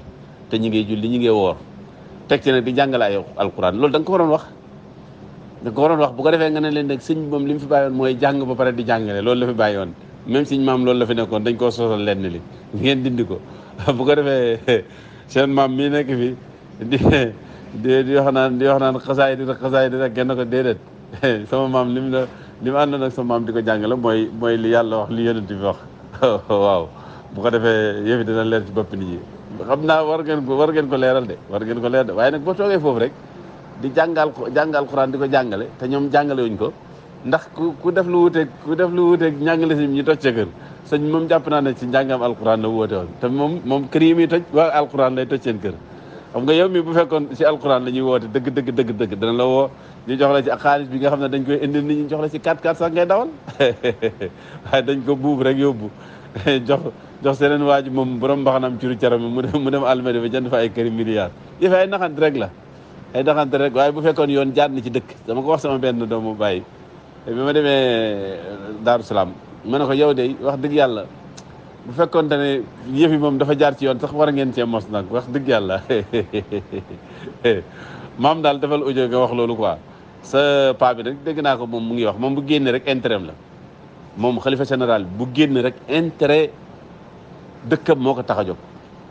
te ñu ngi julli ñu ngi woor teg ci nag di jàngale ay alquran loolu da nga ko waroon wax da nga ko waroon bu ko defee nga ne leen nag sëñ moom li mu fi bàyyoon mooy jàng ba pare di jàngale loolu la fi bàyyoon même sëñ maam la fi nekkoon dañ koo soosal lenn li ngeen dindi ko (laughs) bu ko defee (laughs) seen maam mii nekk bi di (laughs) di di wax naan di wax naan xasaay di rek xasaay di rek genn ko déedéet (laughs) sama maam li mu la li mu àndoon ak sama maam di ko jàngale mooy mooy li yàlla wax li yonent bi wax (laughs) waaw bu ko defee yëf yi dina leer ci bopp nit ñi xam naa war ngeen ko war ngeen ko leeral de war ngeen ko leer de waaye nag boo toogee foofu rek di jàngal jàngal Alxuraan di ko jàngale te ñoom jàngale wuñ ko ndax ku ku def lu wuuteeg ku def lu wuuteeg njàngale si ñi toj ca kër sëñ moom jàpp naa ne ci njàngam Alxuraan la woote woon te moom moom kër yi muy toj waa Alxuraan lay toj seen kër xam nga yow mi bu fekkoon si alquran la ñuy woote dëgg dëgg dëgg dëgg dana la woo ñu jox la ci xaalis bi nga xam ne dañ koy indil nit ñu jox la si 4 4 sax ngay dawal (laughs) waaye dañ ko buub rek yóbbu (laughs) jox jox seneen waa ji moom borom mbaxanaam ci ru caram mu dem mu dem almeri ba jënd fa ay këri milliards fa ay naxant rek la ay naxant rek waaye bu fekkoon yoon jaar na ci dëkk dama ko wax sama benn doomu bàyyi bi ma demee Daaru Salaam ma ne ko yow de wax dëgg yàlla bu fekkoonte ne yëf yi moom dafa jaar ci yoon sax war ngeen cee mos nag wax dëgg yàlla (laughs) maam daal defal audio nga wax loolu quoi sa paa bi nag dégg naa ko moom mu ngi wax moom bu génne rek intérêt la moom xalifa général bu génn rek intérêt dëkkam moo ko tax a jóg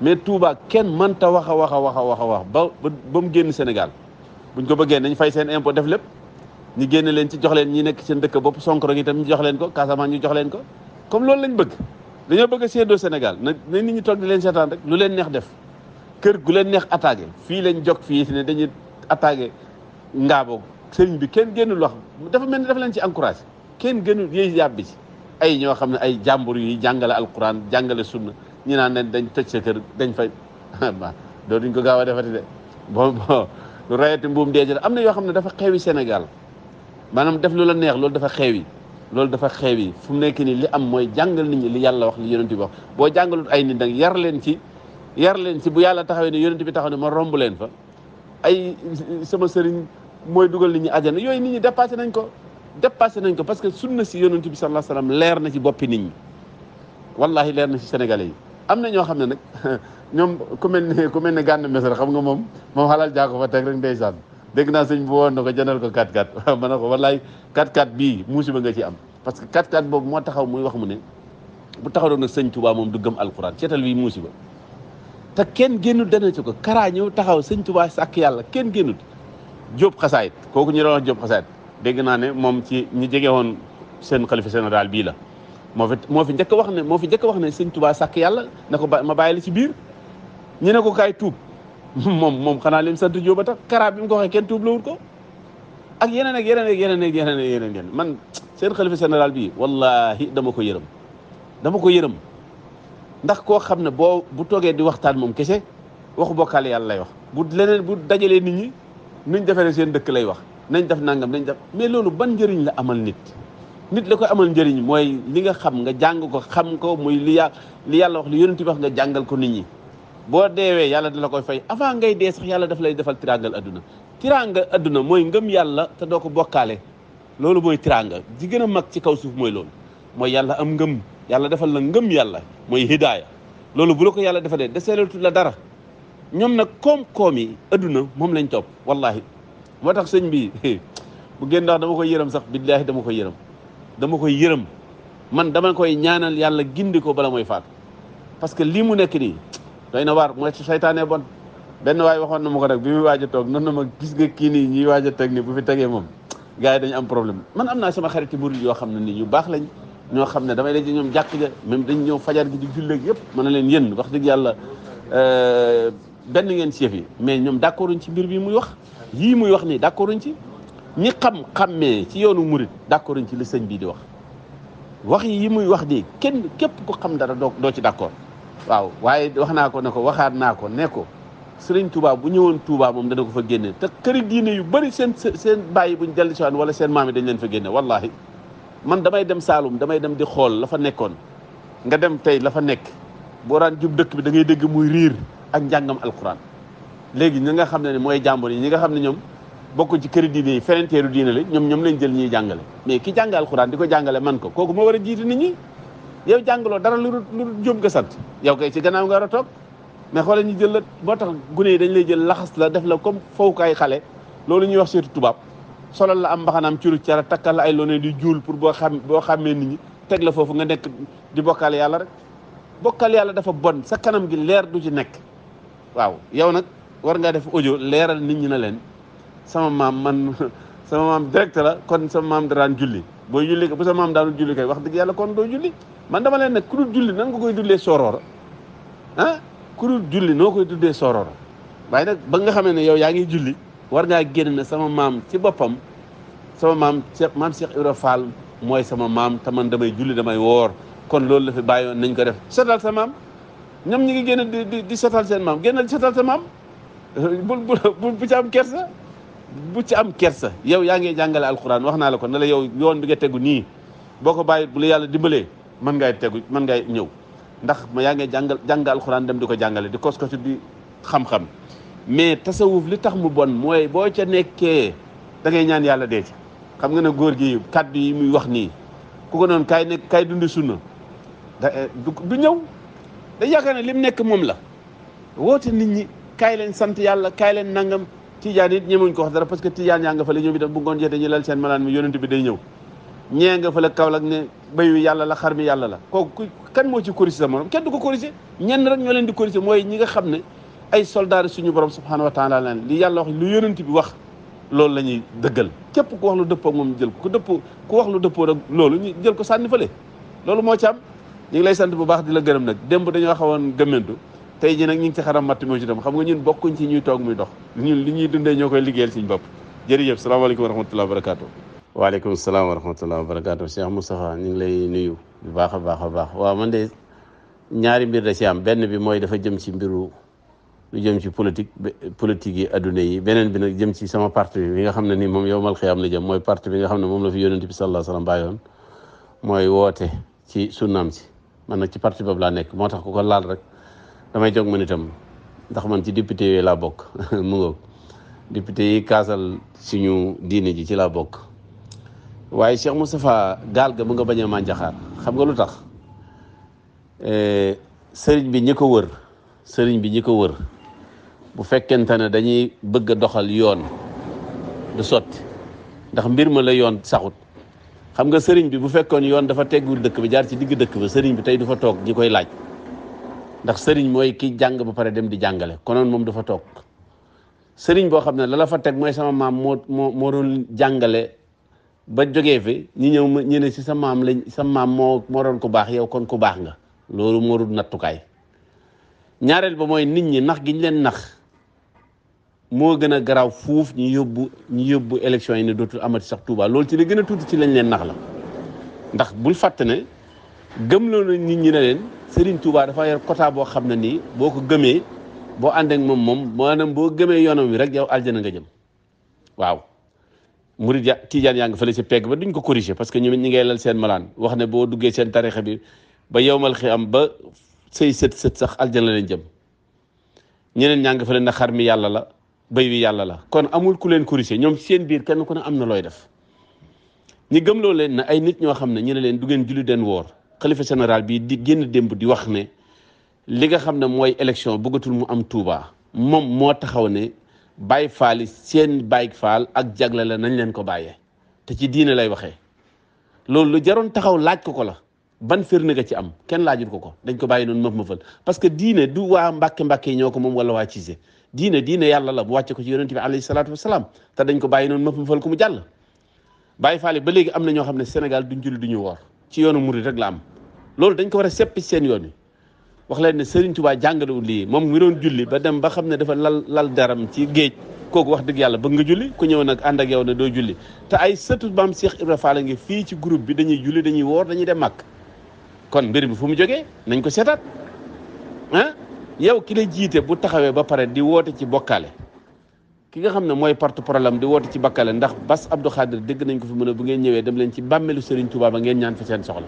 mais Touba kenn mënta wax a wax a wax wax a wax ba ba mu génn Sénégal buñ ko bëggee nañ fay seen impôt def lépp ñu génn leen ci jox leen ñi nekk seen dëkk bopp Sonkoro itam ñu jox leen ko Casamance ñu jox leen ko comme loolu lañ bëgg dañoo bëgg a Sénégal na na nit ñi toog di leen seetaan rek lu leen neex def kër gu leen neex attaqué fii lañ jog fii si ne dañuy attaqué ngaabo sëriñ bi kenn génnul wax dafa mel ni dafa leen ci encouragé kenn génnul yéy yàbbi ci ay ñoo xam ne ay jàmbur yuy jàngale alquran jàngale sunna ñu naan leen dañ toj sa kër dañ fay waaw (laughs) doo duñ ko gaaw a defati de bon bon rayati mbuum deejë am na yoo xam ne dafa xewi Sénégal maanaam def lu la neex loolu dafa xewi loolu dafa xeewi fu mu nekk nii li am mooy jàngal nit ñi li yàlla wax li yonent bi wax boo jàngalut ay nit nag yar leen ci yar leen ci bu yàlla taxawee ne yonent bi taxaw ne ma romb leen fa ay sama sëriñ mooy dugal nit ñi àjjana yooyu nit ñi dépassé nañ ko dépassé nañ ko parce que sunna si yonent bi sallallahu alayhi wasallam leer na ci boppi nit ñi wallahi leer na ci sénégalais yi am na ñoo xam ne nag (laughs) ñoom ku mel ne ku mel ne gànn mesar xam nga moom moom xalaal jaa ko fa teg rek ndeysaan dégg naa sëñ bi woon na ko jëndal ko 4-4 (laughs) ma ne ko wallaay 4-4 bii musiba nga ci am parce que 4-4 boobu moo taxaw muy wax mu ne bu taxaw doon sëñ Touba moom du gëm alxuraan ceetal bii musiba te kenn génnut dana ci ko karaa ñëw taxaw sëñ Touba sàkk yàlla kenn génnut Jóob xasaayit kooku ñu doon wax Jóob xasaayit dégg naa ne moom ci ñu jege woon seen xalifa daal bii la moo fi moo fi njëkk wax ne moo fi njëkk wax ne sëñ Touba sàkk yàlla na ko ma bàyyi la ci biir ñu ne ko kaay tuub (laughs) moom moom xanaa lim sant Diop ba tax karaab bi mu ko waxee kenn tuublawut ko ak yeneen ak yeneen ak yeneen ak yeneen ak yeneen man seen xalifa général bii wallahi dama ko yërëm dama ko yërëm ndax koo xam ne boo bu toogee di waxtaan moom kese waxu bokkaal yàlla lay wax bu leneen bu dajalee nit ñi nuñ defaree seen dëkk lay wax nañ def nangam nañ def mais loolu ban njëriñ la amal nit nit la koy amal njëriñ mooy li nga xam nga jàng ko xam ko muy li yà li yàlla wax li yonent bi wax nga jàngal ko nit ñi boo deewee yàlla dala koy fay avant ngay dee sax yàlla daf lay defal tirangal adduna tirangal adduna mooy ngëm yàlla te doo ko bokkaale loolu mooy tiranga di gën a mag ci kaw suuf mooy loolu mooy yàlla am ngëm yàlla defal la ngëm yàlla mooy hidaaya loolu bu la ko yàlla defalee deseelatul la dara ñoom nag koom-koom yi adduna moom lañ topp wallahi moo tax sëñ bi bu génn ndax dama koy yërëm sax billaahi dama koy yërëm dama koy yërëm man dama koy ñaanal yàlla gindi ko bala mooy faat parce que lii mu nekk nii doy na waar mooy si saytaane bon benn waay waxoon na ma ko nag bi muy waaj toog noonu na ma gis nga kii nii ñuy waaja a nii bu fi tegee moom gars yi dañu am problème man am naa sama xarit murid yoo xam ne nii ñu baax lañ ñoo xam ne damay daje ñoom jàkk ja même dañ ñëw fajar gi di julleeg yëpp mën na leen yéen wax dëgg yàlla euh, benn ngeen chef yi mais ñoom d'accorduñ ci mbir bi muy wax yii muy wax nii d'accorduñ ci ñi xam xammee ci yoonu murid d'accorduñ ci la sëñ bii di wax wax yi muy wax nii kenn képp ku xam dara doo doo ci d'accord waaw waaye wax naa ko ne ko waxaat naa ko ne ko sëriñ Touba bu ñëwoon Touba moom dana ko fa génne te këri diine yu bëri seen seen bàyyi buñ dellu si waan wala seen maam yi dañ leen fa génne wallahi man damay dem Saalum damay dem di xool la fa nekkoon nga dem tey la fa nekk boo daan jub dëkk bi da ngay dégg muy riir ak njàngam alquran léegi ñi nga xam ne mooy jàmbur yi ñi nga xam ne ñoom bokk ci këri diine yi fenenteeru diine la ñoom ñoom lañ jël ñuy jàngale mais ki jàng alquran di ko jàngale man ko kooku moo war a jiite nit ñi yow jangalo dara lu lu jom nga sant yow kay ci gannaaw nga ra tok mais xoolal ñu jël la bo tax gune yi dañ lay jël laxas la def la comme kay xalé lolu ñu wax surtout tubaab solal la am mbaxanaam curu cara takkal la ay lone di jul pour bo xam bo xamé nit ñi teg la fofu nga nek di bokal yalla rek bokal yalla dafa bon sa kanam gi leer du ci nek waaw yow nak war nga def audio leral nit ñi na len sama mam, man (laughs) sama mam direct la kon sama mam daan julli booy julli bu sa maam daanul julli kay wax dëgg yàlla kon doo julli man dama leen nag ku dul julli nan nga koy dullee ah, dul julli noo koy duddee soroora waaye nag ba nga xamee ne yow yaa ngi julli war ngaa génn na sama maam ci boppam sama maam Cheikh maam Cheikh Ibra Fall mooy sama maam te man damay julli damay woor kon loolu la fi bàyyoon nañ ko def setal sa maam ñoom ñi ngi génn di di setal seen maam génnal di setal sa maam bu bu bu ci am kersa bu ci am kersa yow yaa ngi jàngale alxuraan wax naa la ko na la yow yoon bi nga tegu nii boo ko bàyyi bu la yàlla dimbalee mën ngay tegu man ngay ñëw ndax ma yaa ngi jàng jàng alxuraan dem di ko jàngale di koskoti bi xam-xam mais tasawuf li tax mu bon mooy boo ca nekkee da ngay ñaan yàlla dee xam nga ne góor gi kàddu yi muy wax nii ku ko noonu kaay nekk kaay dundi sunna da eh, du ñëw da yaakaar ne lim nekk moom la woote nit ñi kaay leen sant yàlla kaay leen nangam tijaan yit ñemuñ ko wax dara parce que tijaan yaa nga fële ñoom itam bu ngoon jotee ñu lal seen malaan mi yonent bi day ñëw ñee nga fële Kaolack ne béyu yàlla la xar mi yàlla la kooku kan moo ci corrigé sa morom kenn du ko corrigé ñenn rek ñoo leen di corrigé mooy ñi nga xam ne ay soldaar suñu borom subhanahu wa taala lan li yàlla wax lu yonent bi wax loolu la ñuy dëggal képp ku wax lu dëppoo moom jël ko ku dëppoo ku wax lu dëppoo loolu ñu jël ko sànni fële loolu moo ci am ñu ngi lay sant bu baax di la gërëm nag démb dañoo xawoon gëmmentu tey ji nag ñu ngi ci xaram matt moo ci dem xam nga ñun bokkuñ ci ñuy toog muy dox ñu li ñuy dundee ñoo koy liggéeyal suñu bopp jërëjëf salaamaaleykum wa rahmatulah wa barakaatu. waaleykum salaam wa rahmatulah wa barakaatu Cheikh Moustapha ñu ngi lay nuyu bu baax a baax a baax waaw man de ñaari mbir da ci am benn bi mooy dafa jëm ci mbiru lu jëm ci politique politique yi adduna yi beneen bi nag jëm ci sama parti bi nga xam ne ni moom yowmal xiyaam la jëm mooy parti bi nga xam ne moom la fi yonent bi sallallahu alayhi wa mooy woote ci sunnaam si man na ci parti boobu laa nekk moo tax ku ko laal rek damay toog man itam ndax man ci député yooyu laa bokk (laughs) mu ngoog député yi kaasal suñu diine ji ci laa bokk waaye Cheikh Moustapha gaal ga mu nga bañ a mànjaxaar xam nga lu tax eh, sëriñ bi ñi ko wër sëriñ bi ñi ko wër bu fekkente ne dañuy bëgg a doxal yoon du sotti ndax mbir ma la yoon saxut xam nga sëriñ bi bu fekkoon yoon dafa teggul dëkk bi jaar ci digg dëkk ba sëriñ bi tey du fa toog ñi koy laaj ndax sëriñ mooy ki jàng ba pare dem di jàngale konoon moom dafa toog sëriñ boo xam ne la la fa teg mooy sama maam moo moo moo doon jàngale ba jógee fi ñi ñëw ma si sa maam lañ sa maam moo moo doon ku baax yow kon ku baax nga loolu moo dul nattukaay ñaareel ba mooy nit ñi nax gi ñu leen nax moo gën a garaaw fuuf ñu yóbbu ñu yóbbu élection yi ne dootu amati sax Touba loolu ci la gën a tuuti ci lañ leen nax la ndax bul fàtte ne gëmloo na nit ñi ne leen Serigne Touba dafa yor quota boo xam ne nii boo ko gëmee boo ànd moom moom moom maanaam boo gëmee yoonam wi rek yow aljana nga jëm waaw. murid ya Tijaan yaa ngi fële ci pegg ba duñ ko corriger parce que ñu ñi ngay lal seen malaan wax ne boo duggee seen tarixa bi ba yowmal am ba say sët sët sax aljana leen jëm ñeneen ñaa ngi fële na xar mi yàlla la béy wi yàlla la kon amul ku leen corriger ñoom seen biir kenn ku ne am na looy def ñi gëm loo leen na ay nit ñoo xam ne ñu ne leen du ngeen julli den woor xalifa général bi di génn démb di wax ne li nga xam ne mooy élection bëggatul mu am Touba moom moo taxaw ne Baye faali yi seen Baye faal ak jagle la nañ leen ko bàyyee te ci diine lay waxee loolu lu jaroon taxaw laaj ko ko la ban firnde nga ci am kenn laajul ko ko dañ ko bàyyi noonu mëf mëfal parce que diine du waa mbàkke mbàkke yi ñoo ko moom wala waa Cissé diine diine yàlla la mu wàcce ko ci yonent bi alayhi salaatu wasalaam te dañ ko bàyyi noonu mëf mëfal ku mu jàll Baye Fall ba léegi am na ñoo xam ne Sénégal duñ julli duñu woor ci yoonu murid rek la am loolu dañ ko war a seppi seen yoon wi wax leen ne Serigne Touba jàngalewul lii moom ngi doon julli ba dem ba xam ne dafa lal lal daram ci géej kooku wax dëgg yàlla bëgg nga julli ku ñëw nag ànd ak yow ne doo julli te ay sëtu maam Cheikh Ibra Fall ngi fii ci groupe bi dañuy julli dañuy woor dañuy dem mag kon mbir bi fu mu jógee nañ ko seetaat ah yow ki la jiite bu taxawee ba pare di woote ci bokkaale ki nga xam ne mooy porte problème di woote ci bakkale ndax Bass Abdou Khadre dégg nañ ko fi mën a bu ngeen ñëwee dem leen ci bàmmeelu Serigne Touba ba ngeen ñaan fa seen soxla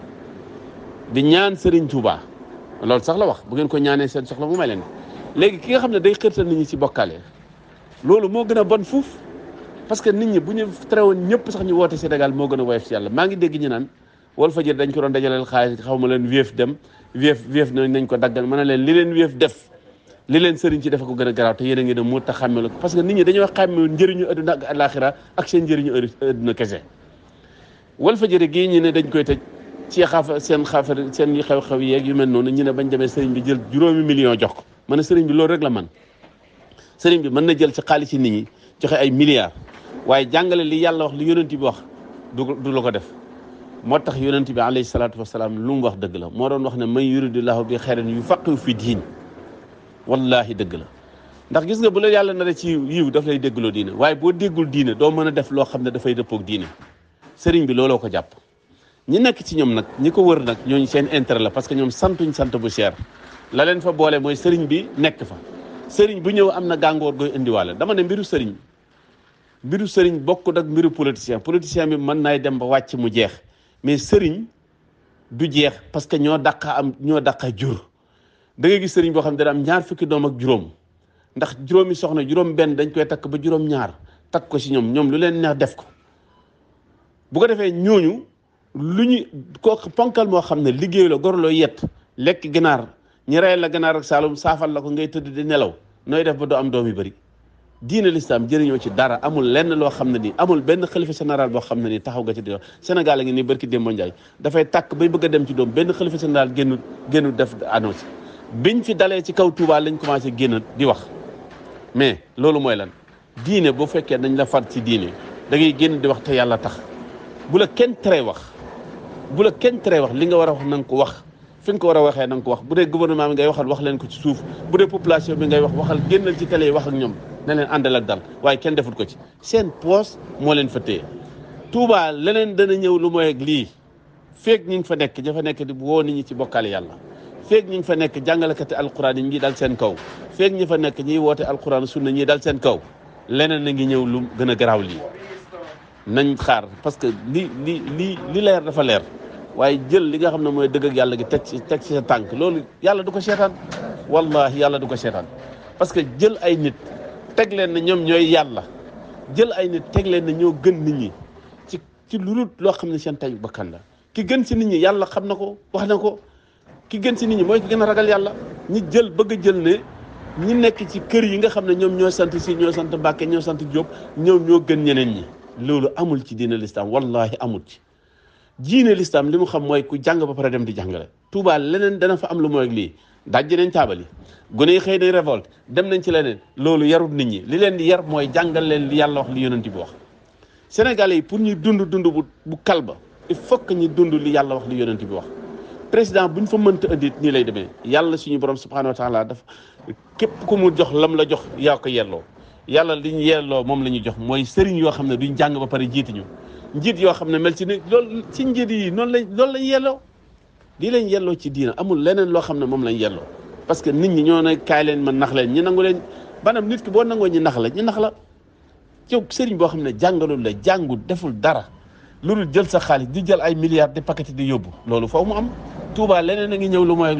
di ñaan Serigne Touba loolu sax la wax bu ngeen ko ñaanee seen soxla mu may leen léegi ki nga xam ne day xërtal nit ñi ci bokkale loolu moo gën a bon fuuf parce que nit ñi bu ñu terewoon ñëpp sax ñu woote Sénégal moo gën a woyof maa ngi dégg ñu naan Walf Fadjri dañ ko doon dajaleel xaalis xaw ma leen wéef dem wéef wéef nañ ko daggal mën na leen li leen wéef def li leen sëriñ ci dafa ko gën a garaaw te yéen a ngi ne moo tax xàmmee ko parce que nit ñi dañoo xàmmee njëriñu adduna ak alaxira ak seen njëriñu adduna kese Walfadjri gii ñu ne dañ koy tëj ci xaafar seen xaafar seen xew-xew yeeg yu mel noonu ñu ne bañ demee sëriñ bi jël juróomi million jox ko ma ne sëriñ bi loolu rek la man sëriñ bi mën na jël ci xaalis yi nit ñi joxe ay milliards waaye jàngale li yàlla wax li yonent bi wax du du la ko def moo tax yonent bi alayhi salaatu wasalaam lu wax dëgg la moo doon wax ne man yuridillahu bi xeyran yufaqihu fi diin wallahi dëgg la ndax gis nga bu la yàlla na ci yiw daf lay déggloo diine waaye boo déggul diine doo mën a def loo xam ne dafay dëppoog diine sëriñ bi looloo ko jàpp ñi nekk ci ñoom nag ñi ko wër nag ñooñu seen intérêt la parce que ñoom santuñ sant bu cher la fa boole mooy sëriñ bi nekk fa sëriñ bu ñëw am na gàngoor goy indiwaale dama ne mbiru sëriñ mbiru sëriñ bokkut ak mbiru politicien politicien bi mën naay dem ba wàcc mu jeex mais sëriñ du jeex parce que ñoo daq am ñoo dàqa jur da ngay gis sëriñ xam ne dana ñaar fukki doom ak juróom ndax juróomi soxna juróom benn dañ koy takk ba juróom ñaar takk ko ci ñoom ñoom lu leen neex def ko bu ko defee ñooñu lu ñu ko ponkal moo xam ne liggéey la gor looy yet lekk ganaar ñi rey la ganaar ak saalum saafal la ko ngay tëdd di nelaw nooy def ba doo am doom yu bëri diine lislaam jëriñoo ci dara amul lenn loo xam ne nii amul benn xalifa général boo xam ne nii taxaw nga ci di Sénégal a ngi nii barki Demba Ndiaye dafay tàkk bay bëgg dem ci doom benn xalifa général génnul génnul def annonce biñ fi dalee ci kaw Touba lañu commencé génn di wax mais loolu mooy lan diine boo fekkee dañ la far ci diine da ngay génn di wax te yàlla tax bu la kenn teree wax bu la kenn teree wax li nga war a wax na nga ko wax fi nga ko war a waxee nanga ko wax bu dee gouvernement bi ngay waxal wax leen ko ci suuf bu dee population bi ngay wax waxal génnal ci télé yi wax ak ñoom ne leen àndal ak dal waaye kenn defut ko ci seen poos moo leen fa téye Touba leneen dana ñëw lu mooy ak lii feeg ñi ngi fa nekk dafa nekk di woo nit ñi ci bokkaale yàlla feeg ñu ngi fa nekk jàngalekati alquran yi ñi daal seen kaw feeg ñi fa nekk ñiy woote alquran sunna ñi dal seen kaw leneen na ngi ñëw lu gën a garaaw lii nañ xaar parce que li li li li leer dafa leer waaye jël li nga xam ne mooy dëgg yàlla gi teg ci teg si sa tànk loolu yàlla du ko seetaan wallahi yàlla du ko seetaan parce que jël ay nit teg leen na ñoom ñooy yàlla jël ay nit teg leen ne ñoo gën nit ñi ci ci lu dul loo xam ne seen tey bakkan la ki gën ci nit ñi yàlla xam na ko wax na ko ki gën ci nit ñi mooy ki gën a ragal yàlla ñi jël bëgg a jël ne ñi nekk ci kër yi nga xam ne ñoom ñoo sant si ñoo sant Mbàkke ñoo sant Jóob ñoom ñoo gën ñeneen ñi loolu amul ci diine lislaam wallahi amul ci diine lislaam li mu xam mooy ku jàng ba pare dem di jàngale tuubaal leneen dana fa am lu mooy lii dajji nañ taabal yi gune yi xëy nañ révolte dem nañ ci leneen loolu yarut nit ñi li leen di yar mooy jàngal leen li yàlla wax li yonent bi wax Sénégalais pour ñuy dund dund bu bu kalba il faut que dund li yàlla wax li yonent bi wax président bu ñu fa mënta indi nii lay demee yàlla suñu borom subhanahu wa taala dafa képp ku mu jox lam la jox yaa ko yelloo yàlla li ñu yelloo moom la ñu jox mooy sëriñ yoo xam ne duñ jàng ba pare jiiti ñu yoo xam ne mel ci ne loolu ci njiit yi noonu lañ loolu lañ yelloo lii lañ yelloo ci diina amul leneen loo xam ne moom lañ yelloo parce que nit ñi ñoo ne kaay leen ma nax leen ñi nangu leen banam nit ki boo nangoo ñi nax la ñi nax la yow sëriñ boo xam ne jàngalul la jàngul deful dara lu dul jël sa xaalis di jël ay milliards di pakati di yóbbu loolu foofu mu am Touba leneen a ngi ñëw lu mooy ak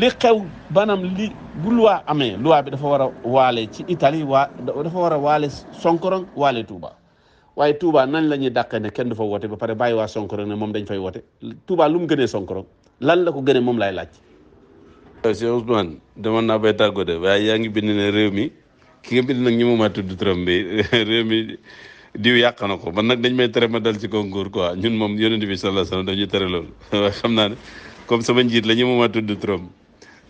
li xew banam li bu loi amee loi bi dafa war a waale ci Italie waa dafa war a waale Sonkorong waale Touba waaye Touba nañ la ñuy dàqee ne kenn du fa woote ba pare bàyyi waa Sonkorong moom dañ fay woote Touba lu gënee Sonkorong lan la ko gënee moom laay laaj. Monsieur Ousmane demoon naa bay tàggoo de waaye yaa ngi bind ne réew mi ki nga bind nag ñi mu ma tudd turam (laughs) mi. diw yàq na ko man nag dañ may tere ma dal ci concours quoi ñun moom yonent bi sallallahu alayhi wasallam dañuy tere loolu (laughs) waaye xam naa ne comme sama njiit la ñu ma tudd turam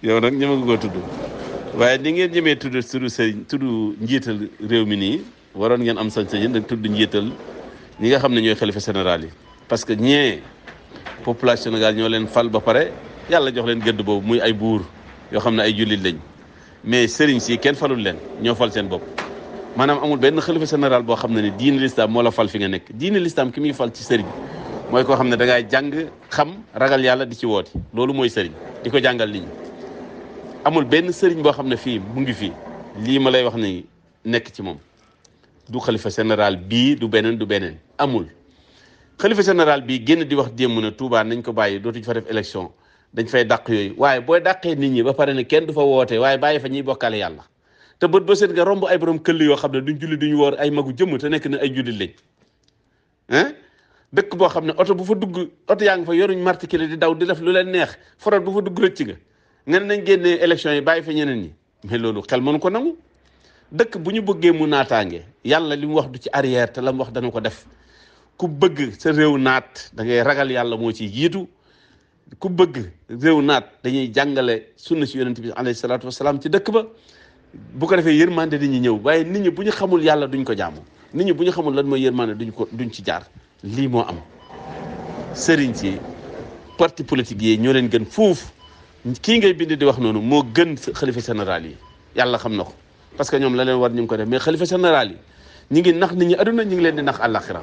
yow nag ñu ma ko tudd waaye ni ngeen ñemee tudd turu sëriñ tudd njiital réew mi nii waroon ngeen am sañ sañ nag tudd njiital ñi nga xam ne ñooy xalifa général yi parce que ñee population Sénégal ñoo leen fal ba pare yàlla jox leen gëdd boobu muy ay buur yoo xam ne ay jullit lañ mais sëriñ si kenn falul leen ñoo fal seen bopp maanaam amul benn xalifa général boo xam ne ne diine lislaam moo la fal fi nga nekk diine lislaam ki muy fal ci sëriñ mooy koo xam ne dangaa jàng xam ragal yàlla di ci woote loolu mooy sëriñ di ko jàngal nit ñi amul benn sëriñ boo xam ne fii mu ngi fii lii ma lay wax ni nekk ci moom du xalifa général bii du beneen du beneen amul xalifa général bii génn di wax démb na Touba nañ ko bàyyi dootuñ fa def élection dañ fay dàq yooyu waaye booy dàqee nit ñi ba pare ne kenn du fa woote waaye bàyyi fa ñuy bokkaale yàlla te bët ba set nga romb ay borom këll yoo xam ne duñ julli duñ woor ay magu jëmm te nekk na ay julli lañ ah dëkk boo xam ne oto bu fa dugg oto yaa ngi fa yoruñ marticulé di daw di def lu leen neex forot bu fa dugg rëcc nga ngeen nañ génnee élection yi bàyyi fa ñeneen ñi mais loolu xel mënu ko nangu dëkk bu ñu bëggee mu naataange yàlla li mu wax du ci arrière te la mu wax dana ko def ku bëgg sa réew naat da ngay ragal yàlla moo ciy jiitu ku bëgg réew naat dañuy jàngale sunna si yonent bi alayhi salaatu wasalaam ci dëkk ba bu ko defee yërmande dañuy ñëw waaye nit ñi bu ñu xamul yàlla duñ ko jaamu nit ñi bu ñu xamul lan mooy yërmande duñ ko duñ ci jaar lii moo am sëriñ si parti politique yi ñoo leen gën fuuf kii ngay bind di wax noonu moo gën xalifa général yi yàlla xam na ko parce que ñoom la leen war ñu ngi ko def mais xalifa général yi ñi ngi nax nit ñi aduna ñi ngi leen di nax àllaaxira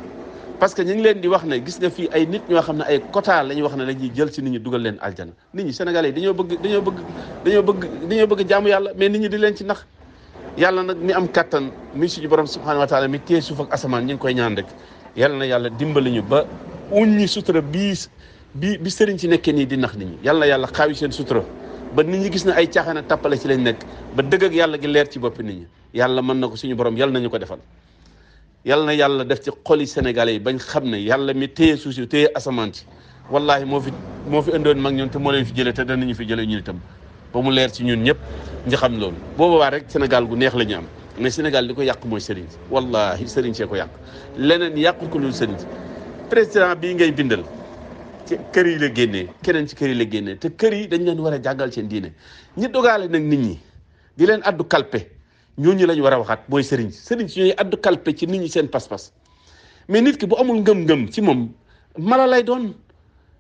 parce que ñu ngi leen di wax ne gis nga fii ay nit ñoo xam ne ay quota la wax ne la ñuy jël ci nit ñi dugal leen aljana nit ñi sénégalais yi dañoo bëgg dañoo bëgg dañoo bëgg dañoo bëgg jaamu yàlla mais nit ñu di leen ci nax yàlla nag mi am kattan mi suñu borom subhanahu wa taala mi téye suuf asamaan ñu ngi koy ñaan rek yàlla na yàlla dimbali ñu ba uññi sutura bii bi bi sëriñ ci nekkee nii di nax nit ñi yàlla yàlla xaawi seen sutura ba nit ñu gis na ay caaxaan a tàppale ci lañ nekk ba dëgg yàlla gi leer ci boppi nit ñi yàlla mën na ko suñu borom yàlla nañu ko defal يلا يلا داف سي خولي سينغالي باغ يلا يالا مي تي سوسي تي اسمان والله مو في مو في اندون ماك نيون تي مولاي في جيلي تا داني في جيلي ني تام بامو لير سي نيون نييب ني خام لول بوبو با ريك سينغال غو نيه لا نيام مي سينغال ديكو ياك موي سيرين والله سيرين سي كو ياك لنن ياك كلو سيرين بريزيدان بي غاي بيندل ci kër yi la génne keneen ci kër yi la génne te kër yi dañ leen war a jàngal seen diine ñi dogaale nag nit ñi ñooñu lañ war a waxaat booy sëriñ sëriñ si ñooy addu kalpe ci nit ñi seen pas-pas mais nit ki bu amul ngëm-ngëm ci moom mala lay doon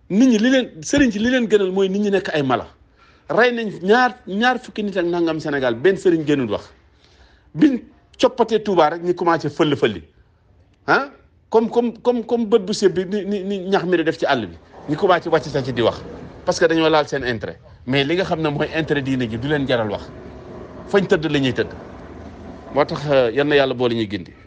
nit ñi li leen sëriñ si li leen gënal mooy nit ñi nekk ay mala rey nañ ñaar ñaar fukki nit ak nangam Sénégal benn sëriñ gënul wax biñ coppatee Touba rek ñu commencé fëll fëlli ah comme comme comme comme bët bu sëb bi ni ñax mi di def ci àll bi ñu commencé wàcc sax ci di wax parce que dañoo laal seen intérêt mais li nga xam ne mooy intérêt diine ji du leen jaral wax fañ tëdd la ñuy tëdd moo tax eh, yal na yàlla boole ñuy gindi